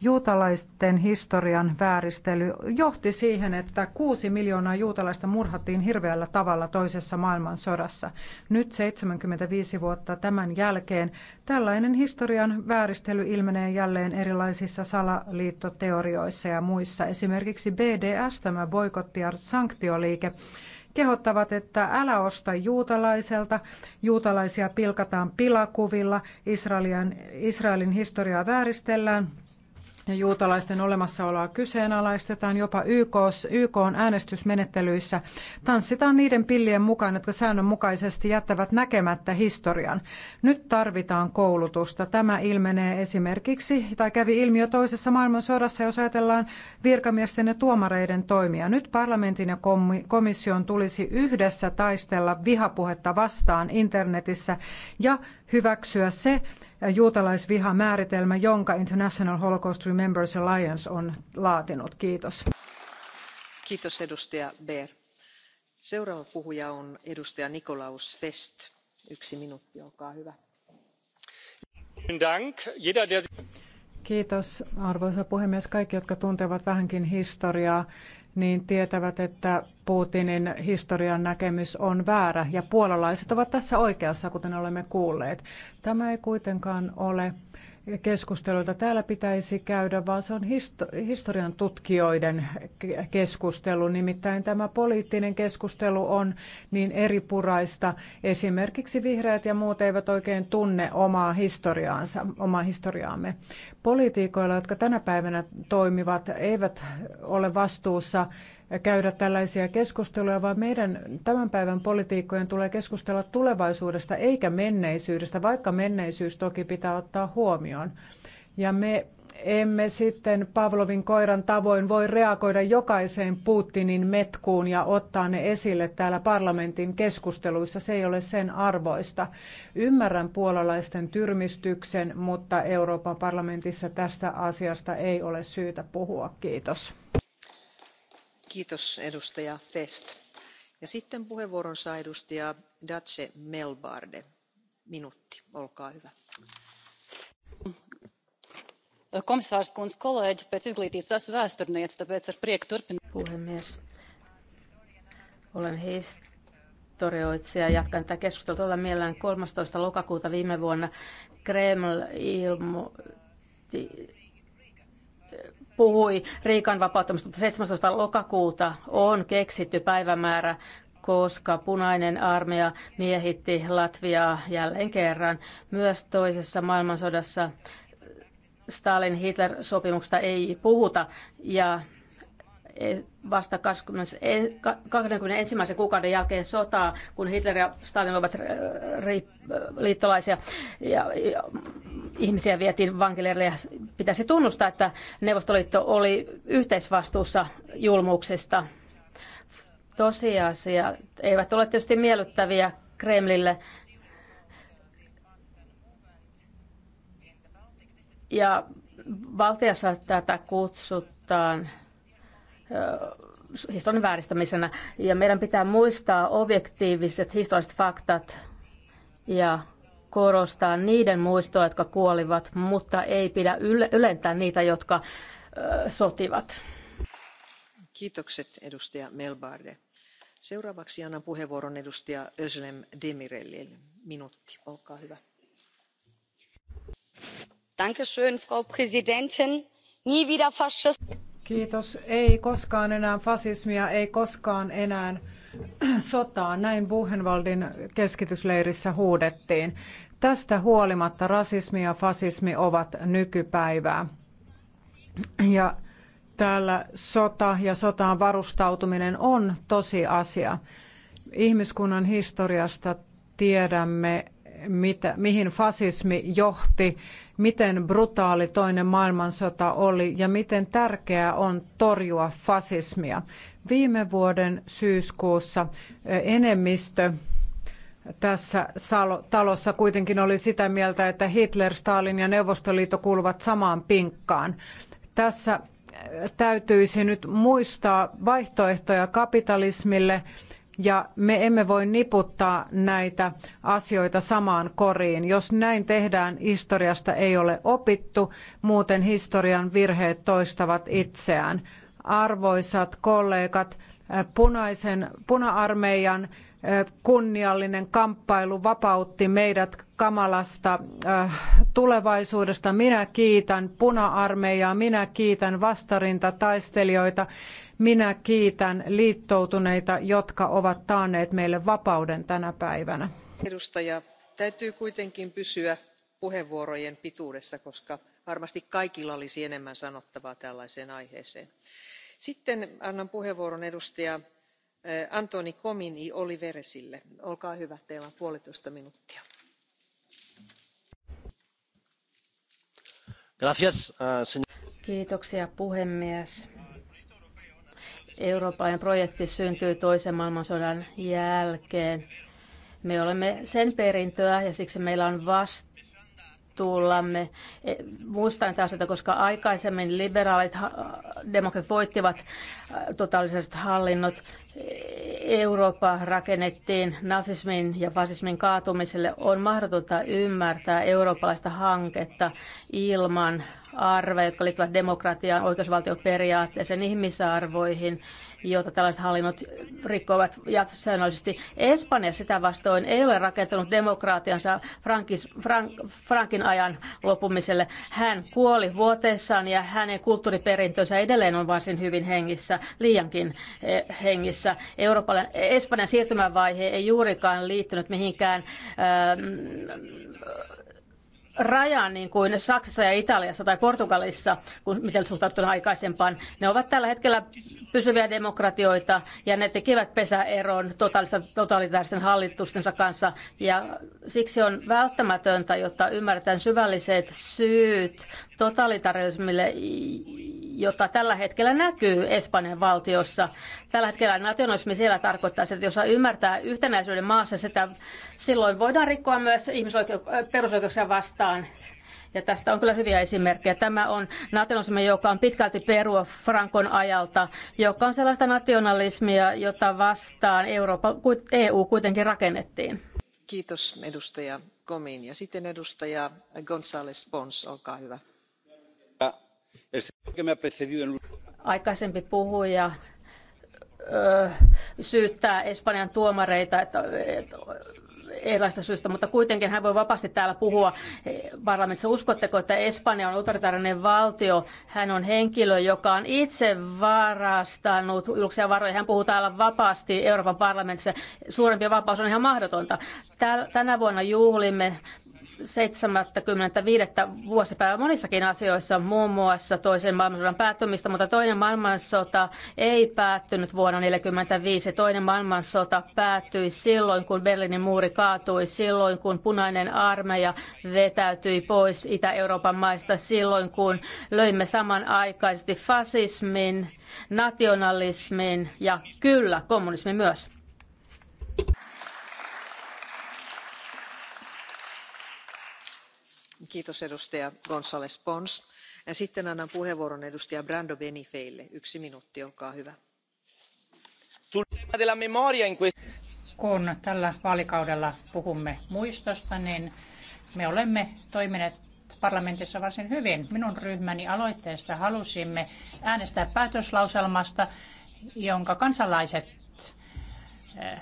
Juutalaisten historian vääristely johti siihen, että kuusi miljoonaa juutalaista murhattiin hirveällä tavalla toisessa maailmansodassa. Nyt 75 vuotta tämän jälkeen tällainen historian vääristely ilmenee jälleen erilaisissa sala salaliittoteorioissa ja muissa. Esimerkiksi BDS, tämä boikotti ja sanktioliike, kehottavat, että älä osta juutalaiselta, juutalaisia pilkataan pilakuvilla, Israelin, Israelin historiaa vääristellään, ja juutalaisten olemassaoloa kyseenalaistetaan jopa YK, YK on äänestysmenettelyissä. Tanssitaan niiden pillien mukaan, jotka säännönmukaisesti jättävät näkemättä historian. Nyt tarvitaan koulutusta. Tämä ilmenee esimerkiksi, tai kävi ilmi jo toisessa maailmansodassa, jos ajatellaan virkamiesten ja tuomareiden toimia. Nyt parlamentin ja komission tulisi yhdessä taistella vihapuhetta vastaan internetissä ja hyväksyä se, juutalaisvihamääritelmä, jonka International Holocaust Remembers Alliance on laatinut. Kiitos. Kiitos edustaja Beer. Seuraava puhuja on edustaja Nikolaus Fest. Yksi minuutti, olkaa hyvä. Kiitos arvoisa puhemies. Kaikki, jotka tuntevat vähänkin historiaa, niin tietävät, että Putinin historian näkemys on väärä ja puolalaiset ovat tässä oikeassa, kuten olemme kuulleet. Tämä ei kuitenkaan ole keskusteluita täällä pitäisi käydä, vaan se on historian tutkijoiden keskustelu. Nimittäin tämä poliittinen keskustelu on niin eripuraista. Esimerkiksi vihreät ja muut eivät oikein tunne omaa historiaansa, omaa historiaamme. Poliitikoilla, jotka tänä päivänä toimivat, eivät ole vastuussa käydä tällaisia keskusteluja, vaan meidän tämän päivän poliitikkojen tulee keskustella tulevaisuudesta eikä menneisyydestä, vaikka menneisyys toki pitää ottaa huomioon. Ja me emme sitten Pavlovin koiran tavoin voi reagoida jokaiseen Putinin metkuun ja ottaa ne esille täällä parlamentin keskusteluissa. Se ei ole sen arvoista. Ymmärrän puolalaisten tyrmistyksen, mutta Euroopan parlamentissa tästä asiasta ei ole syytä puhua. Kiitos. Kiitos Ja sitten puheenvuoron saa edustaja Dace Melbarde. Minuutti, olkaa hyvä. Komissaars Puhemies, olen historioitsija. Jatkan tätä keskustelua todella mielelläni. kolmetoista lokakuuta viime vuonna. Kreml ilmoitti puhui Riikan vapauttamista 17. lokakuuta on keksitty päivämäärä koska punainen armeija miehitti Latviaa jälleen kerran. Myös toisessa maailmansodassa Stalin-Hitler-sopimuksesta ei puhuta ja E, vasta 21. E, kuukauden jälkeen sotaa, kun Hitler ja Stalin olivat e, liittolaisia ja ihmisiä vietiin vankileirille ja pitäisi tunnustaa, että Neuvostoliitto oli yhteisvastuussa julmuuksista. Tosiasia eivät ole tietysti miellyttäviä Kremlille, ja Valtiassa tätä kutsutaan historian vääristämisenä. Ja meidän pitää muistaa objektiiviset historialliset faktat ja korostaa niiden muistoa, jotka kuolivat, mutta ei pidä ylentää niitä, jotka sotivat. Kiitokset edustaja Melbarde. Seuraavaksi annan puheenvuoron edustaja Özlem Demirellille. Minuutti, olkaa hyvä. Dankeschön, Frau Präsidentin. Nie wieder Faschismus. Kiitos. Ei koskaan enää fasismia, ei koskaan enää sotaa. Näin Buchenwaldin keskitysleirissä huudettiin. Tästä huolimatta rasismi ja fasismi ovat nykypäivää. Ja täällä sota ja sotaan varustautuminen on tosi asia. Ihmiskunnan historiasta tiedämme, mitä, mihin fasismi johti miten brutaali toinen maailmansota oli ja miten tärkeää on torjua fasismia. Viime vuoden syyskuussa eh, enemmistö tässä talossa kuitenkin oli sitä mieltä, että Hitler, Stalin ja Neuvostoliitto kuuluvat samaan pinkkaan. Tässä eh, täytyisi nyt muistaa vaihtoehtoja kapitalismille – ja me emme voi niputtaa näitä asioita samaan koriin. Jos näin tehdään, historiasta ei ole opittu, muuten historian virheet toistavat itseään. Arvoisat kollegat, punaisen, puna-armeijan kunniallinen kamppailu vapautti meidät kamalasta tulevaisuudesta. Minä kiitän puna-armeijaa, minä kiitän vastarintataistelijoita minä kiitän liittoutuneita, jotka ovat taanneet meille vapauden tänä päivänä. Edustaja, täytyy kuitenkin pysyä puheenvuorojen pituudessa, koska varmasti kaikilla olisi enemmän sanottavaa tällaiseen aiheeseen. Sitten annan puheenvuoron edustaja eh, Antoni Komini Oliveresille. Olkaa hyvä, teillä on puolitoista minuuttia. Eh, Kiitoksia puhemies. Eurooppalainen projekti syntyi toisen maailmansodan jälkeen. Me olemme sen perintöä ja siksi meillä on vastuullamme. E, muistan näitä että koska aikaisemmin liberaalit demokrat voittivat totaaliset hallinnot. Eurooppa rakennettiin natsismin ja fasismin kaatumiselle. On mahdotonta ymmärtää eurooppalaista hanketta ilman arveja, jotka liittyvät demokratiaan, oikeusvaltioperiaatteeseen, ihmisarvoihin, joita tällaiset hallinnot rikkovat säännöllisesti. Espanja sitä vastoin ei ole rakentanut demokraatiansa Frankis, Frank, Frankin ajan lopumiselle. Hän kuoli vuoteessaan ja hänen kulttuuriperintönsä edelleen on varsin hyvin hengissä, liiankin eh, hengissä. Euroopan, Espanjan siirtymävaihe ei juurikaan liittynyt mihinkään ähm, raja niin kuin Saksassa ja Italiassa tai Portugalissa, kun miten suhtautuu aikaisempaan. Ne ovat tällä hetkellä pysyviä demokratioita ja ne tekevät pesäeron totalitaaristen hallitustensa kanssa. Ja siksi on välttämätöntä, jotta ymmärretään syvälliset syyt totalitarismille, jota tällä hetkellä näkyy Espanjan valtiossa. Tällä hetkellä nationalismi siellä tarkoittaa sitä, että jos ymmärtää yhtenäisyyden maassa, sitä silloin voidaan rikkoa myös ihmisoikeuksia perusoikeuksia vastaan. Ja tästä on kyllä hyviä esimerkkejä. Tämä on nationalismi, joka on pitkälti perua Frankon ajalta, joka on sellaista nationalismia, jota vastaan Eurooppa, EU kuitenkin rakennettiin. Kiitos edustaja Komin. Ja sitten edustaja González Pons, olkaa hyvä Aikaisempi puhuja ö, syyttää Espanjan tuomareita, että, että erilaista syystä, mutta kuitenkin hän voi vapaasti täällä puhua parlamentissa. Uskotteko, että Espanja on autoritaarinen valtio? Hän on henkilö, joka on itse varastanut julkisia varoja. Hän puhuu täällä vapaasti Euroopan parlamentissa. Suurempi vapaus on ihan mahdotonta. Tänä vuonna juhlimme 75. vuosipäivä monissakin asioissa, muun muassa toisen maailmansodan päättymistä, mutta toinen maailmansota ei päättynyt vuonna 1945. Toinen maailmansota päättyi silloin, kun Berliinin muuri kaatui, silloin, kun punainen armeija vetäytyi pois Itä-Euroopan maista, silloin, kun löimme samanaikaisesti fasismin, nationalismin ja kyllä kommunismin myös. arvoisa puhemies sitten annan puheenvuoron edustaja brando benifeille. yksi minuutti olkaa hyvä. kun tällä vaalikaudella puhumme muistosta niin me olemme toimineet parlamentissa varsin hyvin. Minun ryhmäni aloitteesta halusimme äänestää päätöslauselmasta, jonka kansalaiset eh,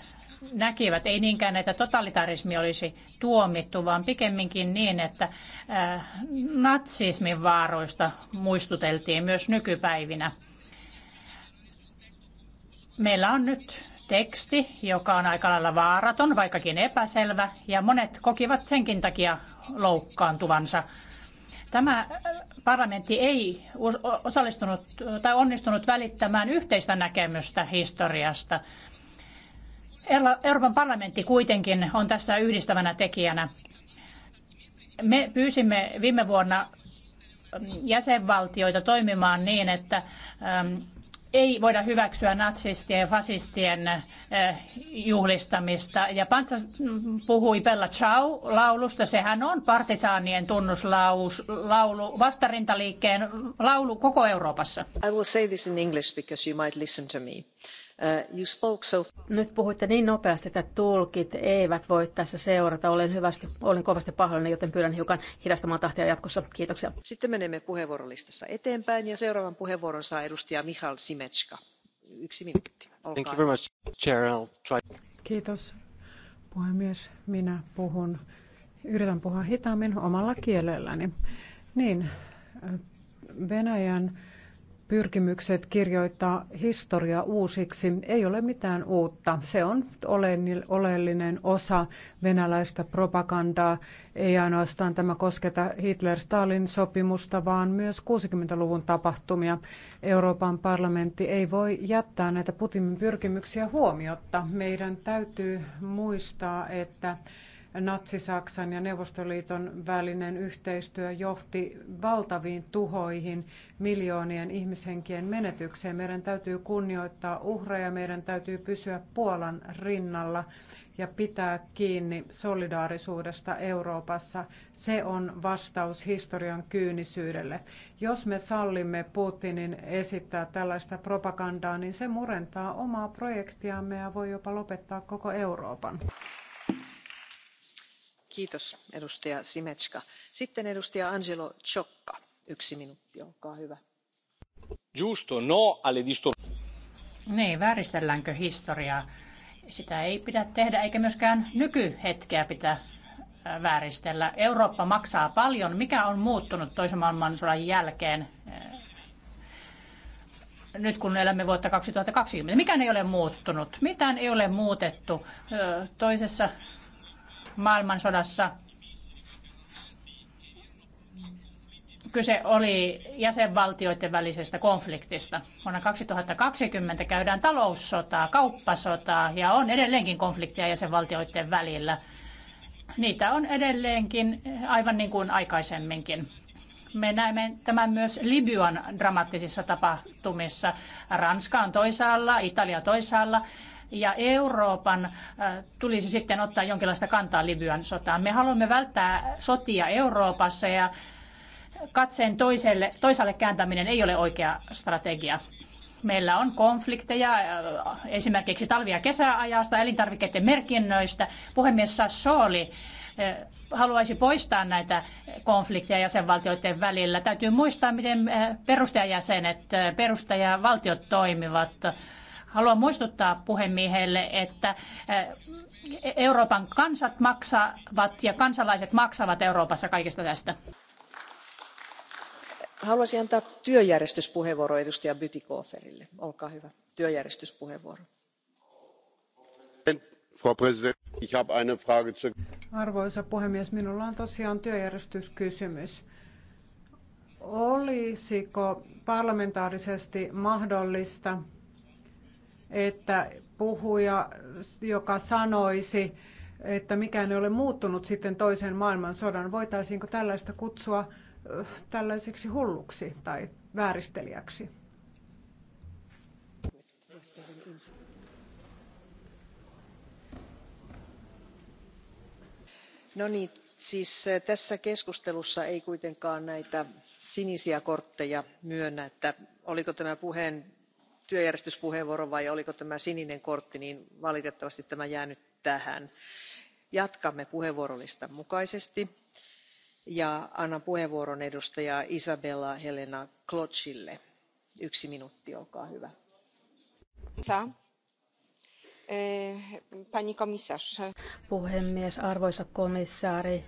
näkivät, ei niinkään, että totalitarismi olisi tuomittu, vaan pikemminkin niin, että äh, natsismin vaaroista muistuteltiin myös nykypäivinä. Meillä on nyt teksti, joka on aika lailla vaaraton, vaikkakin epäselvä, ja monet kokivat senkin takia loukkaantuvansa. Tämä äh, parlamentti ei osallistunut äh, tai onnistunut välittämään yhteistä näkemystä historiasta. Euroopan parlamentti kuitenkin on tässä yhdistävänä tekijänä. Me pyysimme viime vuonna jäsenvaltioita toimimaan niin, että ähm, ei voida hyväksyä natsistien ja fasistien äh, juhlistamista. Ja Pantsa puhui Bella Ciao laulusta. Sehän on partisaanien tunnuslaulu, vastarintaliikkeen laulu koko Euroopassa. I will say this in English because you might listen to me. Uh, Nyt puhuitte niin nopeasti, että tulkit eivät voi tässä seurata. Olen, hyvästi, olen kovasti pahoillani, joten pyydän hiukan hidastamaan tahtia jatkossa. Kiitoksia. Sitten menemme puheenvuorolistassa eteenpäin ja seuraavan puheenvuoron saa edustaja Michal Simetska. Yksi minuutti. Olkaa. Thank you very much, Chair. I'll try. Kiitos puhemies. Minä puhun, yritän puhua hitaammin omalla kielelläni. Niin, Venäjän pyrkimykset kirjoittaa historia uusiksi ei ole mitään uutta. Se on oleellinen osa venäläistä propagandaa. Ei ainoastaan tämä kosketa Hitler-Stalin sopimusta, vaan myös 60-luvun tapahtumia. Euroopan parlamentti ei voi jättää näitä Putinin pyrkimyksiä huomiotta. Meidän täytyy muistaa, että Natsi-Saksan ja Neuvostoliiton välinen yhteistyö johti valtaviin tuhoihin, miljoonien ihmishenkien menetykseen. Meidän täytyy kunnioittaa uhreja, meidän täytyy pysyä Puolan rinnalla ja pitää kiinni solidaarisuudesta Euroopassa. Se on vastaus historian kyynisyydelle. Jos me sallimme Putinin esittää tällaista propagandaa, niin se murentaa omaa projektiamme ja voi jopa lopettaa koko Euroopan. Juusto no alle Niin, vääristelläänkö historiaa? Sitä ei pidä tehdä, eikä myöskään nykyhetkeä pitää äh, vääristellä. Eurooppa maksaa paljon. Mikä on muuttunut toisen maailmansodan jälkeen? Äh, nyt kun elämme vuotta 2020, mikään ei ole muuttunut. Mitään ei ole muutettu. Äh, toisessa maailmansodassa kyse oli jäsenvaltioiden välisestä konfliktista. Vuonna 2020 käydään taloussotaa, kauppasotaa ja on edelleenkin konflikteja jäsenvaltioiden välillä. Niitä on edelleenkin aivan niin kuin aikaisemminkin. Me näemme tämän myös Libyan dramaattisissa tapahtumissa. Ranska on toisaalla, Italia toisaalla ja Euroopan äh, tulisi sitten ottaa jonkinlaista kantaa Libyan sotaan. Me haluamme välttää sotia Euroopassa ja katseen toiselle, toisalle kääntäminen ei ole oikea strategia. Meillä on konflikteja äh, esimerkiksi talvia kesäajasta, elintarvikkeiden merkinnöistä. Puhemies Sassoli äh, haluaisi poistaa näitä konflikteja jäsenvaltioiden välillä. Täytyy muistaa, miten perustajajäsenet, perustajavaltiot toimivat. Haluan muistuttaa puhemiehelle, että eh, Euroopan kansat maksavat ja kansalaiset maksavat Euroopassa kaikesta tästä. Haluaisin antaa työjärjestyspuheenvuoro edustaja Bytikoferille. Olkaa hyvä. Työjärjestyspuheenvuoro. Arvoisa puhemies, minulla on tosiaan työjärjestyskysymys. Olisiko parlamentaarisesti mahdollista että puhuja, joka sanoisi, että mikään ei ole muuttunut sitten toisen maailmansodan, voitaisiinko tällaista kutsua äh, tällaiseksi hulluksi tai vääristelijäksi? No niin, siis äh, tässä keskustelussa ei kuitenkaan näitä sinisiä kortteja myönnä että oliko tämä puheen työjärjestyspuheenvuoron vai oliko tämä sininen kortti niin valitettavasti tämä jää nyt tähän. jatkamme puheenvuorolistan mukaisesti ja annan puheenvuoron edustaja Isabella Helena Klotzille. Yksi minuutti, olkaa hyvä. arvoisa Puhemies, arvoisa komissaari,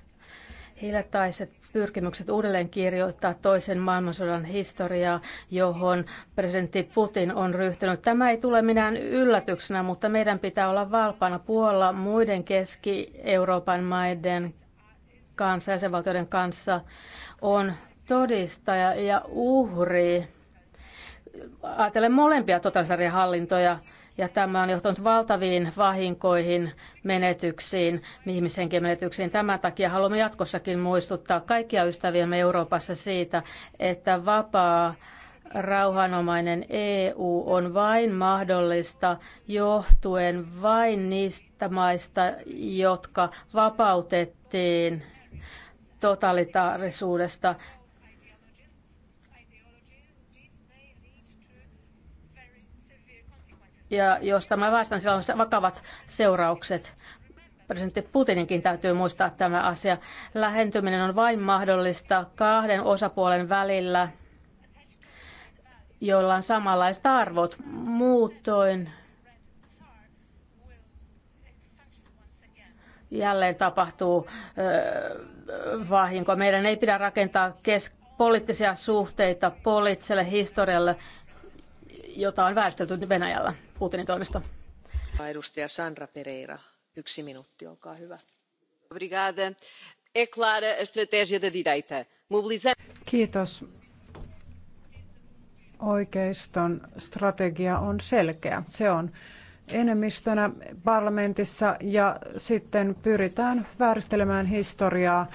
Hiljattaiset pyrkimykset uudelleen kirjoittaa toisen maailmansodan historiaa, johon presidentti Putin on ryhtynyt. Tämä ei tule minään yllätyksenä, mutta meidän pitää olla valpaana puolella muiden Keski-Euroopan maiden kanssa, jäsenvaltioiden kanssa on todistaja ja uhri. Ajattelen molempia totalitarisia hallintoja, ja tämä on johtanut valtaviin vahinkoihin, menetyksiin, ihmishenkien menetyksiin. Tämän takia haluamme jatkossakin muistuttaa kaikkia ystäviämme Euroopassa siitä, että vapaa rauhanomainen EU on vain mahdollista johtuen vain niistä maista, jotka vapautettiin totalitaarisuudesta Ja jos tämä väestön, sillä on vakavat seuraukset. Presidentti Putininkin täytyy muistaa tämä asia. Lähentyminen on vain mahdollista kahden osapuolen välillä, joilla on samanlaiset arvot. Muutoin jälleen tapahtuu vahinko. Meidän ei pidä rakentaa kes- poliittisia suhteita poliittiselle historialle, jota on väestelty Venäjällä. Putinin toimesta. Edustaja Sandra Pereira, yksi minuutti, olkaa hyvä. Kiitos. Oikeiston strategia on selkeä. Se on enemmistönä parlamentissa ja sitten pyritään vääristelemään historiaa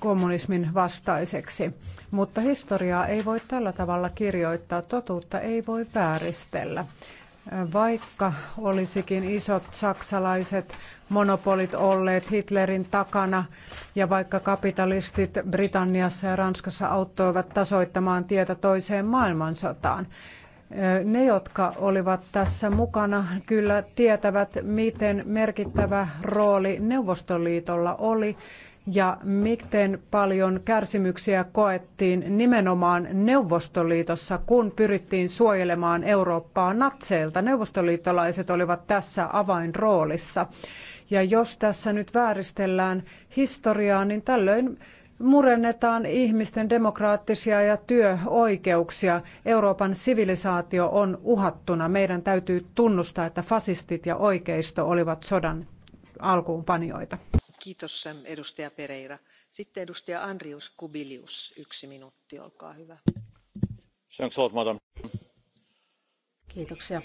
kommunismin vastaiseksi. Mutta historiaa ei voi tällä tavalla kirjoittaa, totuutta ei voi vääristellä. Vaikka olisikin isot saksalaiset monopolit olleet Hitlerin takana ja vaikka kapitalistit Britanniassa ja Ranskassa auttoivat tasoittamaan tietä toiseen maailmansotaan, ne, jotka olivat tässä mukana, kyllä tietävät, miten merkittävä rooli Neuvostoliitolla oli ja miten paljon kärsimyksiä koettiin nimenomaan Neuvostoliitossa, kun pyrittiin suojelemaan Eurooppaa natseilta. Neuvostoliittolaiset olivat tässä avainroolissa. Ja jos tässä nyt vääristellään historiaa, niin tällöin murennetaan ihmisten demokraattisia ja työoikeuksia. Euroopan sivilisaatio on uhattuna. Meidän täytyy tunnustaa, että fasistit ja oikeisto olivat sodan alkuunpanijoita arvoisa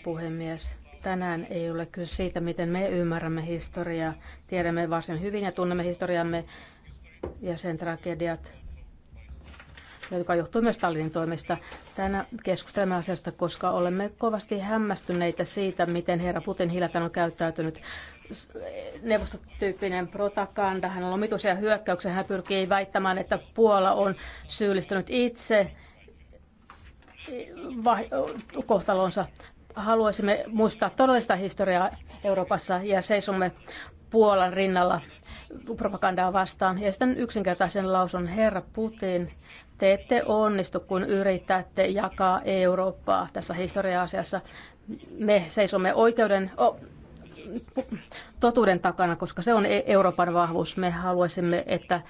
puhemies tänään ei ole kyse siitä miten me ymmärrämme historiaa. tiedämme varsin hyvin ja tunnemme historiamme ja sen tragediat jotka johtuu myös Stalinin toimista. Tänään keskustelemme asiasta, koska olemme kovasti hämmästyneitä siitä, miten herra Putin hiljattain on käyttäytynyt neuvostotyyppinen protaganda, hän on omituisia hyökkäyksiä, hän pyrkii väittämään, että Puola on syyllistynyt itse kohtalonsa. Haluaisimme muistaa todellista historiaa Euroopassa ja seisomme Puolan rinnalla propagandaa vastaan. Ja sitten yksinkertaisen lausun, herra Putin, te ette onnistu, kun yritätte jakaa Eurooppaa tässä historia-asiassa. Me seisomme oikeuden, oh, totuuden takana, koska se on e- Euroopan vahvuus. Me haluaisimme, että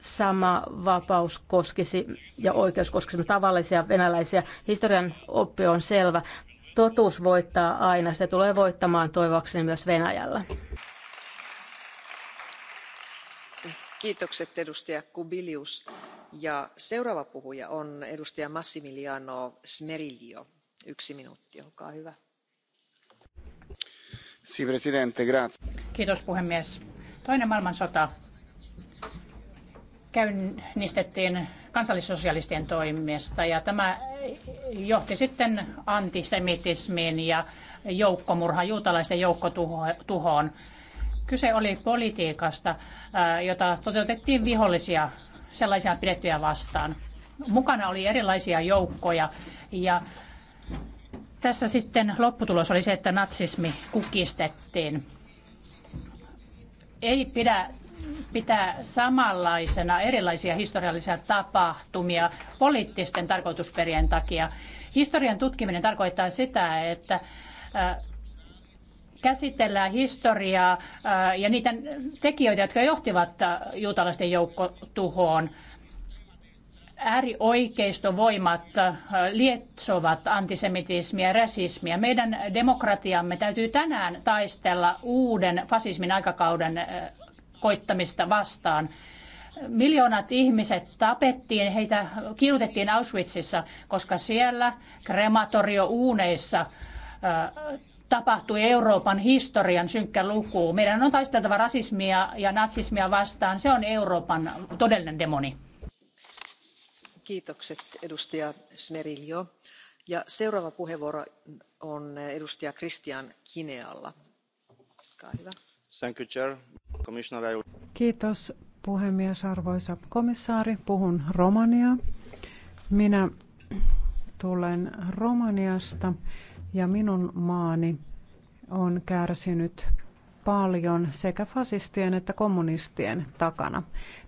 sama vapaus koskisi ja oikeus koskisi tavallisia venäläisiä. Historian oppi on selvä. Totuus voittaa aina. Se tulee voittamaan toivoakseni myös Venäjällä. Kiitokset edustaja Kubilius. Ja seuraava puhuja on edustaja Massimiliano Smerilio Yksi minuutti, olkaa hyvä Kiitos puhemies. Toinen maailmansota käynnistettiin kansallissosialistien toimesta ja tämä johti sitten antisemitismiin ja joukkomurhaan, juutalaisten joukkotuhoon. Kyse oli politiikasta, jota toteutettiin vihollisia sellaisia pidettyjä vastaan. Mukana oli erilaisia joukkoja ja tässä sitten lopputulos oli se, että natsismi kukistettiin. Ei pidä pitää samanlaisena erilaisia historiallisia tapahtumia poliittisten tarkoitusperien takia. Historian tutkiminen tarkoittaa sitä, että käsitellään historiaa ja niitä tekijöitä, jotka johtivat juutalaisten joukkotuhoon äärioikeistovoimat äh, lietsovat antisemitismiä ja rasismia. Meidän demokratiamme täytyy tänään taistella uuden fasismin aikakauden äh, koittamista vastaan. Miljoonat ihmiset tapettiin, heitä kiinnutettiin Auschwitzissa, koska siellä krematoriouuneissa äh, tapahtui Euroopan historian synkkä luku. Meidän on taisteltava rasismia ja natsismia vastaan. Se on Euroopan todellinen demoni kiitokset edustaja zmeriljo ja seuraava puheenvuoro on edustaja christian kinealla. Kiitos puhemies, arvoisa komissaari. Puhun Romaniaa. Minä tulen Romaniasta ja minun maani on kärsinyt paljon sekä fasistien että kommunistien takana.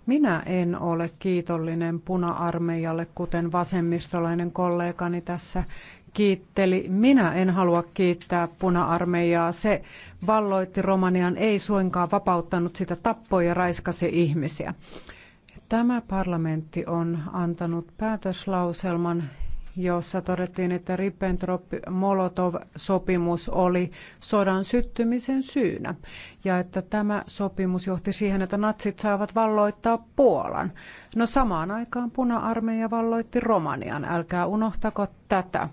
Minä en ole kiitollinen puna-armeijalle, kuten vasemmistolainen kollegani tässä kiitteli. Minä en halua kiittää puna-armeijaa. Se valloitti Romanian, ei suinkaan vapauttanut sitä, tappoi ja raiskasi ihmisiä. Tämä parlamentti on antanut päätöslauselman, jossa todettiin, että Ribbentrop-Molotov-sopimus oli sodan syttymisen syynä ja että tämä sopimus johti siihen, että natsit saavat valloittaa Puolan. No samaan aikaan puna-armeija valloitti Romanian, älkää unohtako tätä.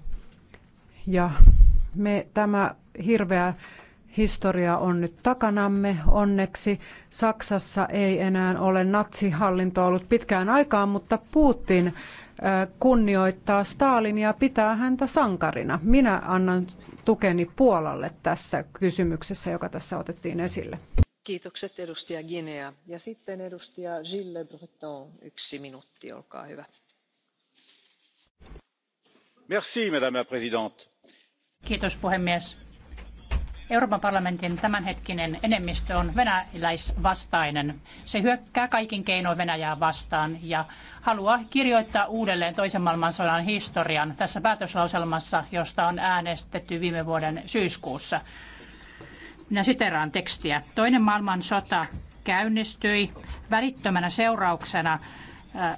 Ja me tämä hirveä historia on nyt takanamme. Onneksi Saksassa ei enää ole natsihallinto ollut pitkään aikaan, mutta Putin kunnioittaa Stalinia, pitää häntä sankarina. Minä annan tukeni Puolalle tässä kysymyksessä, joka tässä otettiin esille. Kiitokset edustaja Ginea. Ja sitten edustaja Gilles Breton, yksi minuutti, olkaa hyvä. Merci, madame la présidente. Kiitos puhemies Euroopan parlamentin tämänhetkinen enemmistö on venäläisvastainen. Se hyökkää kaikin keinoin Venäjää vastaan ja haluaa kirjoittaa uudelleen toisen maailmansodan historian tässä päätöslauselmassa, josta on äänestetty viime vuoden syyskuussa. Minä siteraan tekstiä. Toinen maailmansota käynnistyi välittömänä seurauksena äh,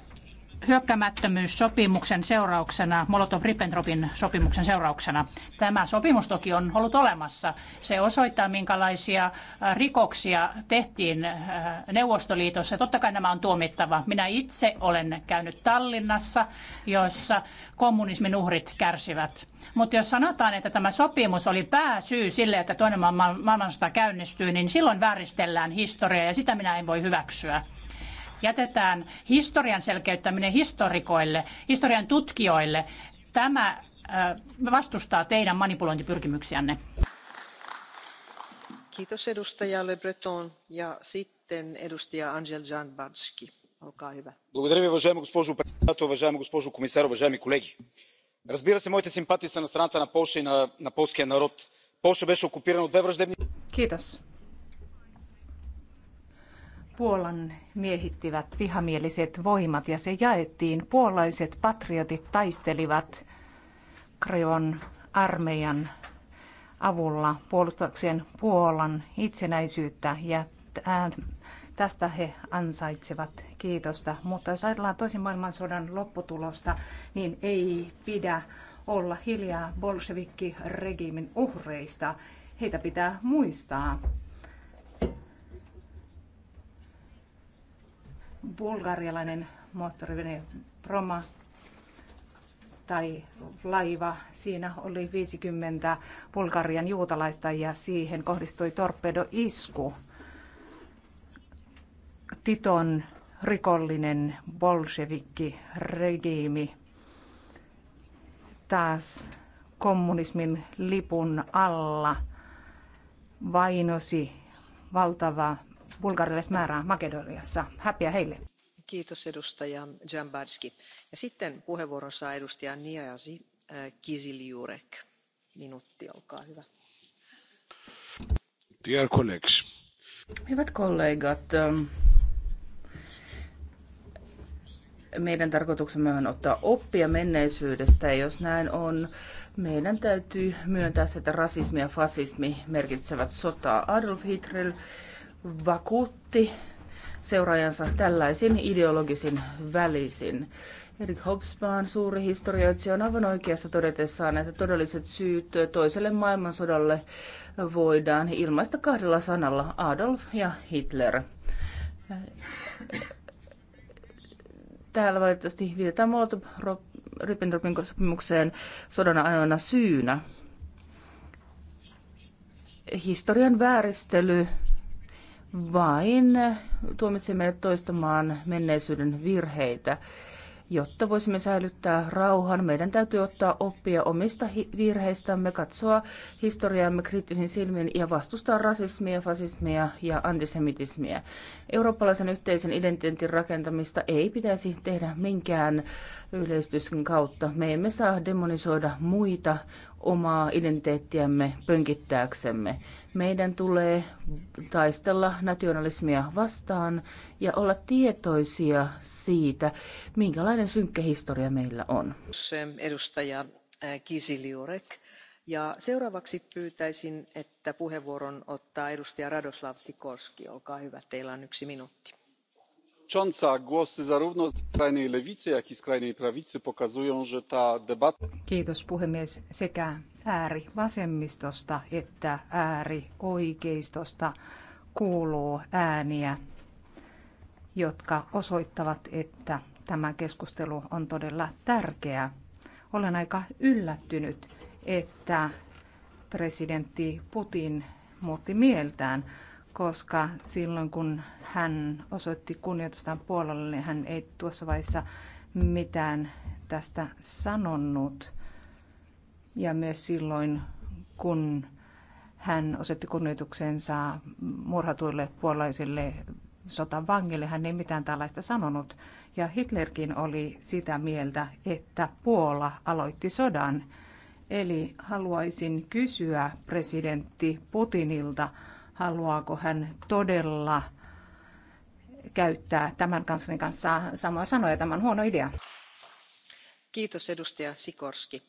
hyökkämättömyyssopimuksen seurauksena, Molotov-Ribbentropin sopimuksen seurauksena. Tämä sopimus toki on ollut olemassa. Se osoittaa, minkälaisia äh, rikoksia tehtiin äh, Neuvostoliitossa. Totta kai nämä on tuomittava. Minä itse olen käynyt Tallinnassa, jossa kommunismin uhrit kärsivät. Mutta jos sanotaan, että tämä sopimus oli pääsyy sille, että toinen maailmansota käynnistyi, niin silloin vääristellään historiaa ja sitä minä en voi hyväksyä jätetään historian selkeyttäminen historikoille, historian tutkijoille. Tämä äh, vastustaa teidän manipulointipyrkimyksiänne. Kiitos edustaja Le Breton ja sitten edustaja Angel Janbatski. Olkaa hyvä. Благодаря ви, уважаема госпожо председател, уважаема госпожо комисар, уважаеми колеги. Разбира се, моите симпатии са на страната на Полша и на, на полския народ. Полша беше окупирана от две враждебни... Kiitos Puolan miehittivät vihamieliset voimat ja se jaettiin. Puolaiset patriotit taistelivat Kreon armeijan avulla puolustakseen Puolan itsenäisyyttä ja tästä he ansaitsevat kiitosta. Mutta jos ajatellaan toisen maailmansodan lopputulosta, niin ei pidä olla hiljaa bolshevikki-regiimin uhreista. Heitä pitää muistaa bulgarialainen moottorivene Proma tai laiva. Siinä oli 50 Bulgarian juutalaista ja siihen kohdistui torpedoisku. Titon rikollinen bolshevikki regiimi taas kommunismin lipun alla vainosi valtava bulgarilaiset määrää Makedoniassa. Häpeä heille. Kiitos edustaja Dzhambarski. Ja sitten puheenvuoron saa edustaja Niazi äh, Kiziliurek. Minuutti, olkaa hyvä. Dear colleagues. Hyvät kollegat, ähm, meidän tarkoituksemme on ottaa oppia menneisyydestä, ja jos näin on, meidän täytyy myöntää, että rasismi ja fasismi merkitsevät sotaa. Adolf Hitler vakuutti seuraajansa tällaisin ideologisin välisin. Erik Hobsbawm, suuri historioitsija, on aivan oikeassa todetessaan, että todelliset syyt toiselle maailmansodalle voidaan ilmaista kahdella sanalla Adolf ja Hitler. Täällä valitettavasti viitataan Molotov-Ribbentropin sopimukseen sodan ainoana syynä. Historian vääristely vain tuomitsee meidät toistamaan menneisyyden virheitä. Jotta voisimme säilyttää rauhan, meidän täytyy ottaa oppia omista virheistämme, katsoa historiaamme kriittisin silmin ja vastustaa rasismia, fasismia ja antisemitismia. Eurooppalaisen yhteisen identiteetin rakentamista ei pitäisi tehdä minkään yleistyksen kautta. Me emme saa demonisoida muita omaa identiteettiämme pönkittääksemme. Meidän tulee taistella nationalismia vastaan ja olla tietoisia siitä, minkälainen synkkä historia meillä on. Edustaja Kisiliurek. Ja seuraavaksi pyytäisin, että puheenvuoron ottaa edustaja Radoslav Sikorski. Olkaa hyvä, teillä on yksi minuutti przewodnicząca! głosy zarówno skrajnej lewicy jak i skrajnej prawicy pokazują że ta debata. kiitos puhemies sekä äärivasemmistosta että äärioikeistosta kuuluu ääniä jotka osoittavat että tämä keskustelu on todella tärkeä. Olen aika yllättynyt, että presidentti Putin muutti mieltään koska silloin kun hän osoitti kunnioitustaan Puolalle, niin hän ei tuossa vaiheessa mitään tästä sanonut. Ja myös silloin, kun hän osoitti kunnioituksensa murhatuille puolalaisille sotavangille, hän ei mitään tällaista sanonut. Ja Hitlerkin oli sitä mieltä, että Puola aloitti sodan. Eli haluaisin kysyä presidentti Putinilta, haluaako hän todella käyttää tämän kanslerin kanssa samaa sanoja. Tämä on huono idea. Kiitos edustaja Sikorski.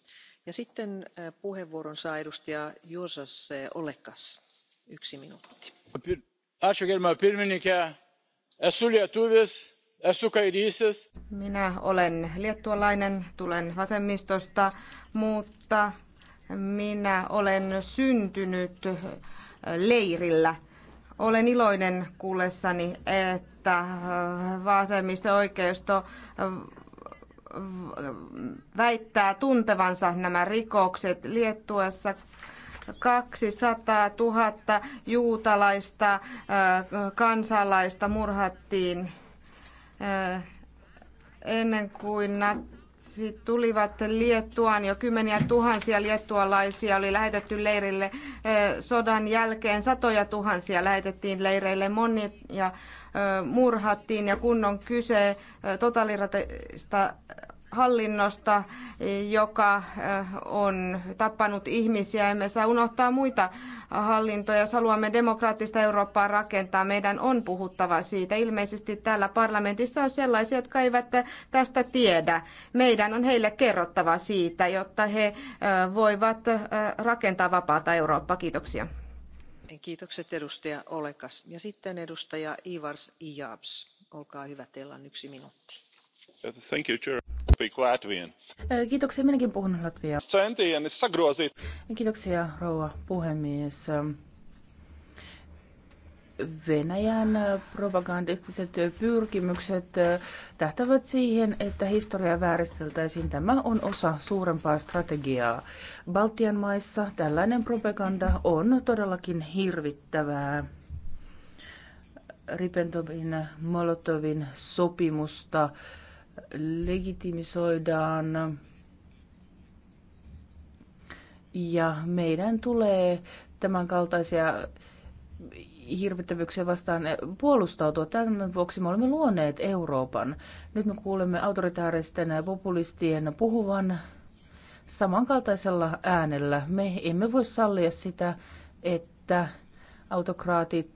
Ja sitten äh, puheenvuoron saa edustaja Juosas Olekas. Yksi minuutti. Ačiū gerbiama pirmininkė. Esu lietuvis, minä olen liettualainen, tulen vasemmistosta, mutta minä olen syntynyt leirillä. Olen iloinen kuullessani, että äh, vasemmisto oikeisto äh, väittää tuntevansa nämä rikokset Liettuessa 200 000 juutalaista äh, kansalaista murhattiin ennen kuin tulivat Liettuaan jo kymmeniä tuhansia liettualaisia oli lähetetty leirille. Eh, sodan jälkeen satoja tuhansia lähetettiin leireille, ja eh, murhattiin ja kunnon kyse eh, totalitaristisesta hallinnosta, joka eh, on tappanut ihmisiä. Emme saa unohtaa muita hallintoja. Jos haluamme demokraattista Eurooppaa rakentaa, meidän on puhuttava siitä. Ilmeisesti täällä parlamentissa on sellaisia, jotka eivät tästä tiedä. Meidän on heille kerrottava siitä, jotta he eh, voivat eh, rakentaa vapaata Eurooppaa. Kiitoksia. Kiitokset edustaja Olekas. Ja sitten edustaja Ivars Ijabs. Olkaa hyvä, teillä on yksi minuutti Thank you, Chair. Latvian. Kiitoksia, minäkin puhun Latviaa. Kiitoksia, rouva puhemies. Venäjän propagandistiset pyrkimykset tähtävät siihen, että historia vääristeltäisiin. Tämä on osa suurempaa strategiaa. Baltian maissa tällainen propaganda on todellakin hirvittävää. Ripentovin Molotovin sopimusta äh, legitimisoidaan. Ja meidän tulee tämän kaltaisia hirvittävyyksiä vastaan puolustautua. Tämän vuoksi me olemme luoneet Euroopan. Nyt me kuulemme autoritaaristen populistien puhuvan samankaltaisella äänellä. Me emme voi sallia sitä, että autokraatit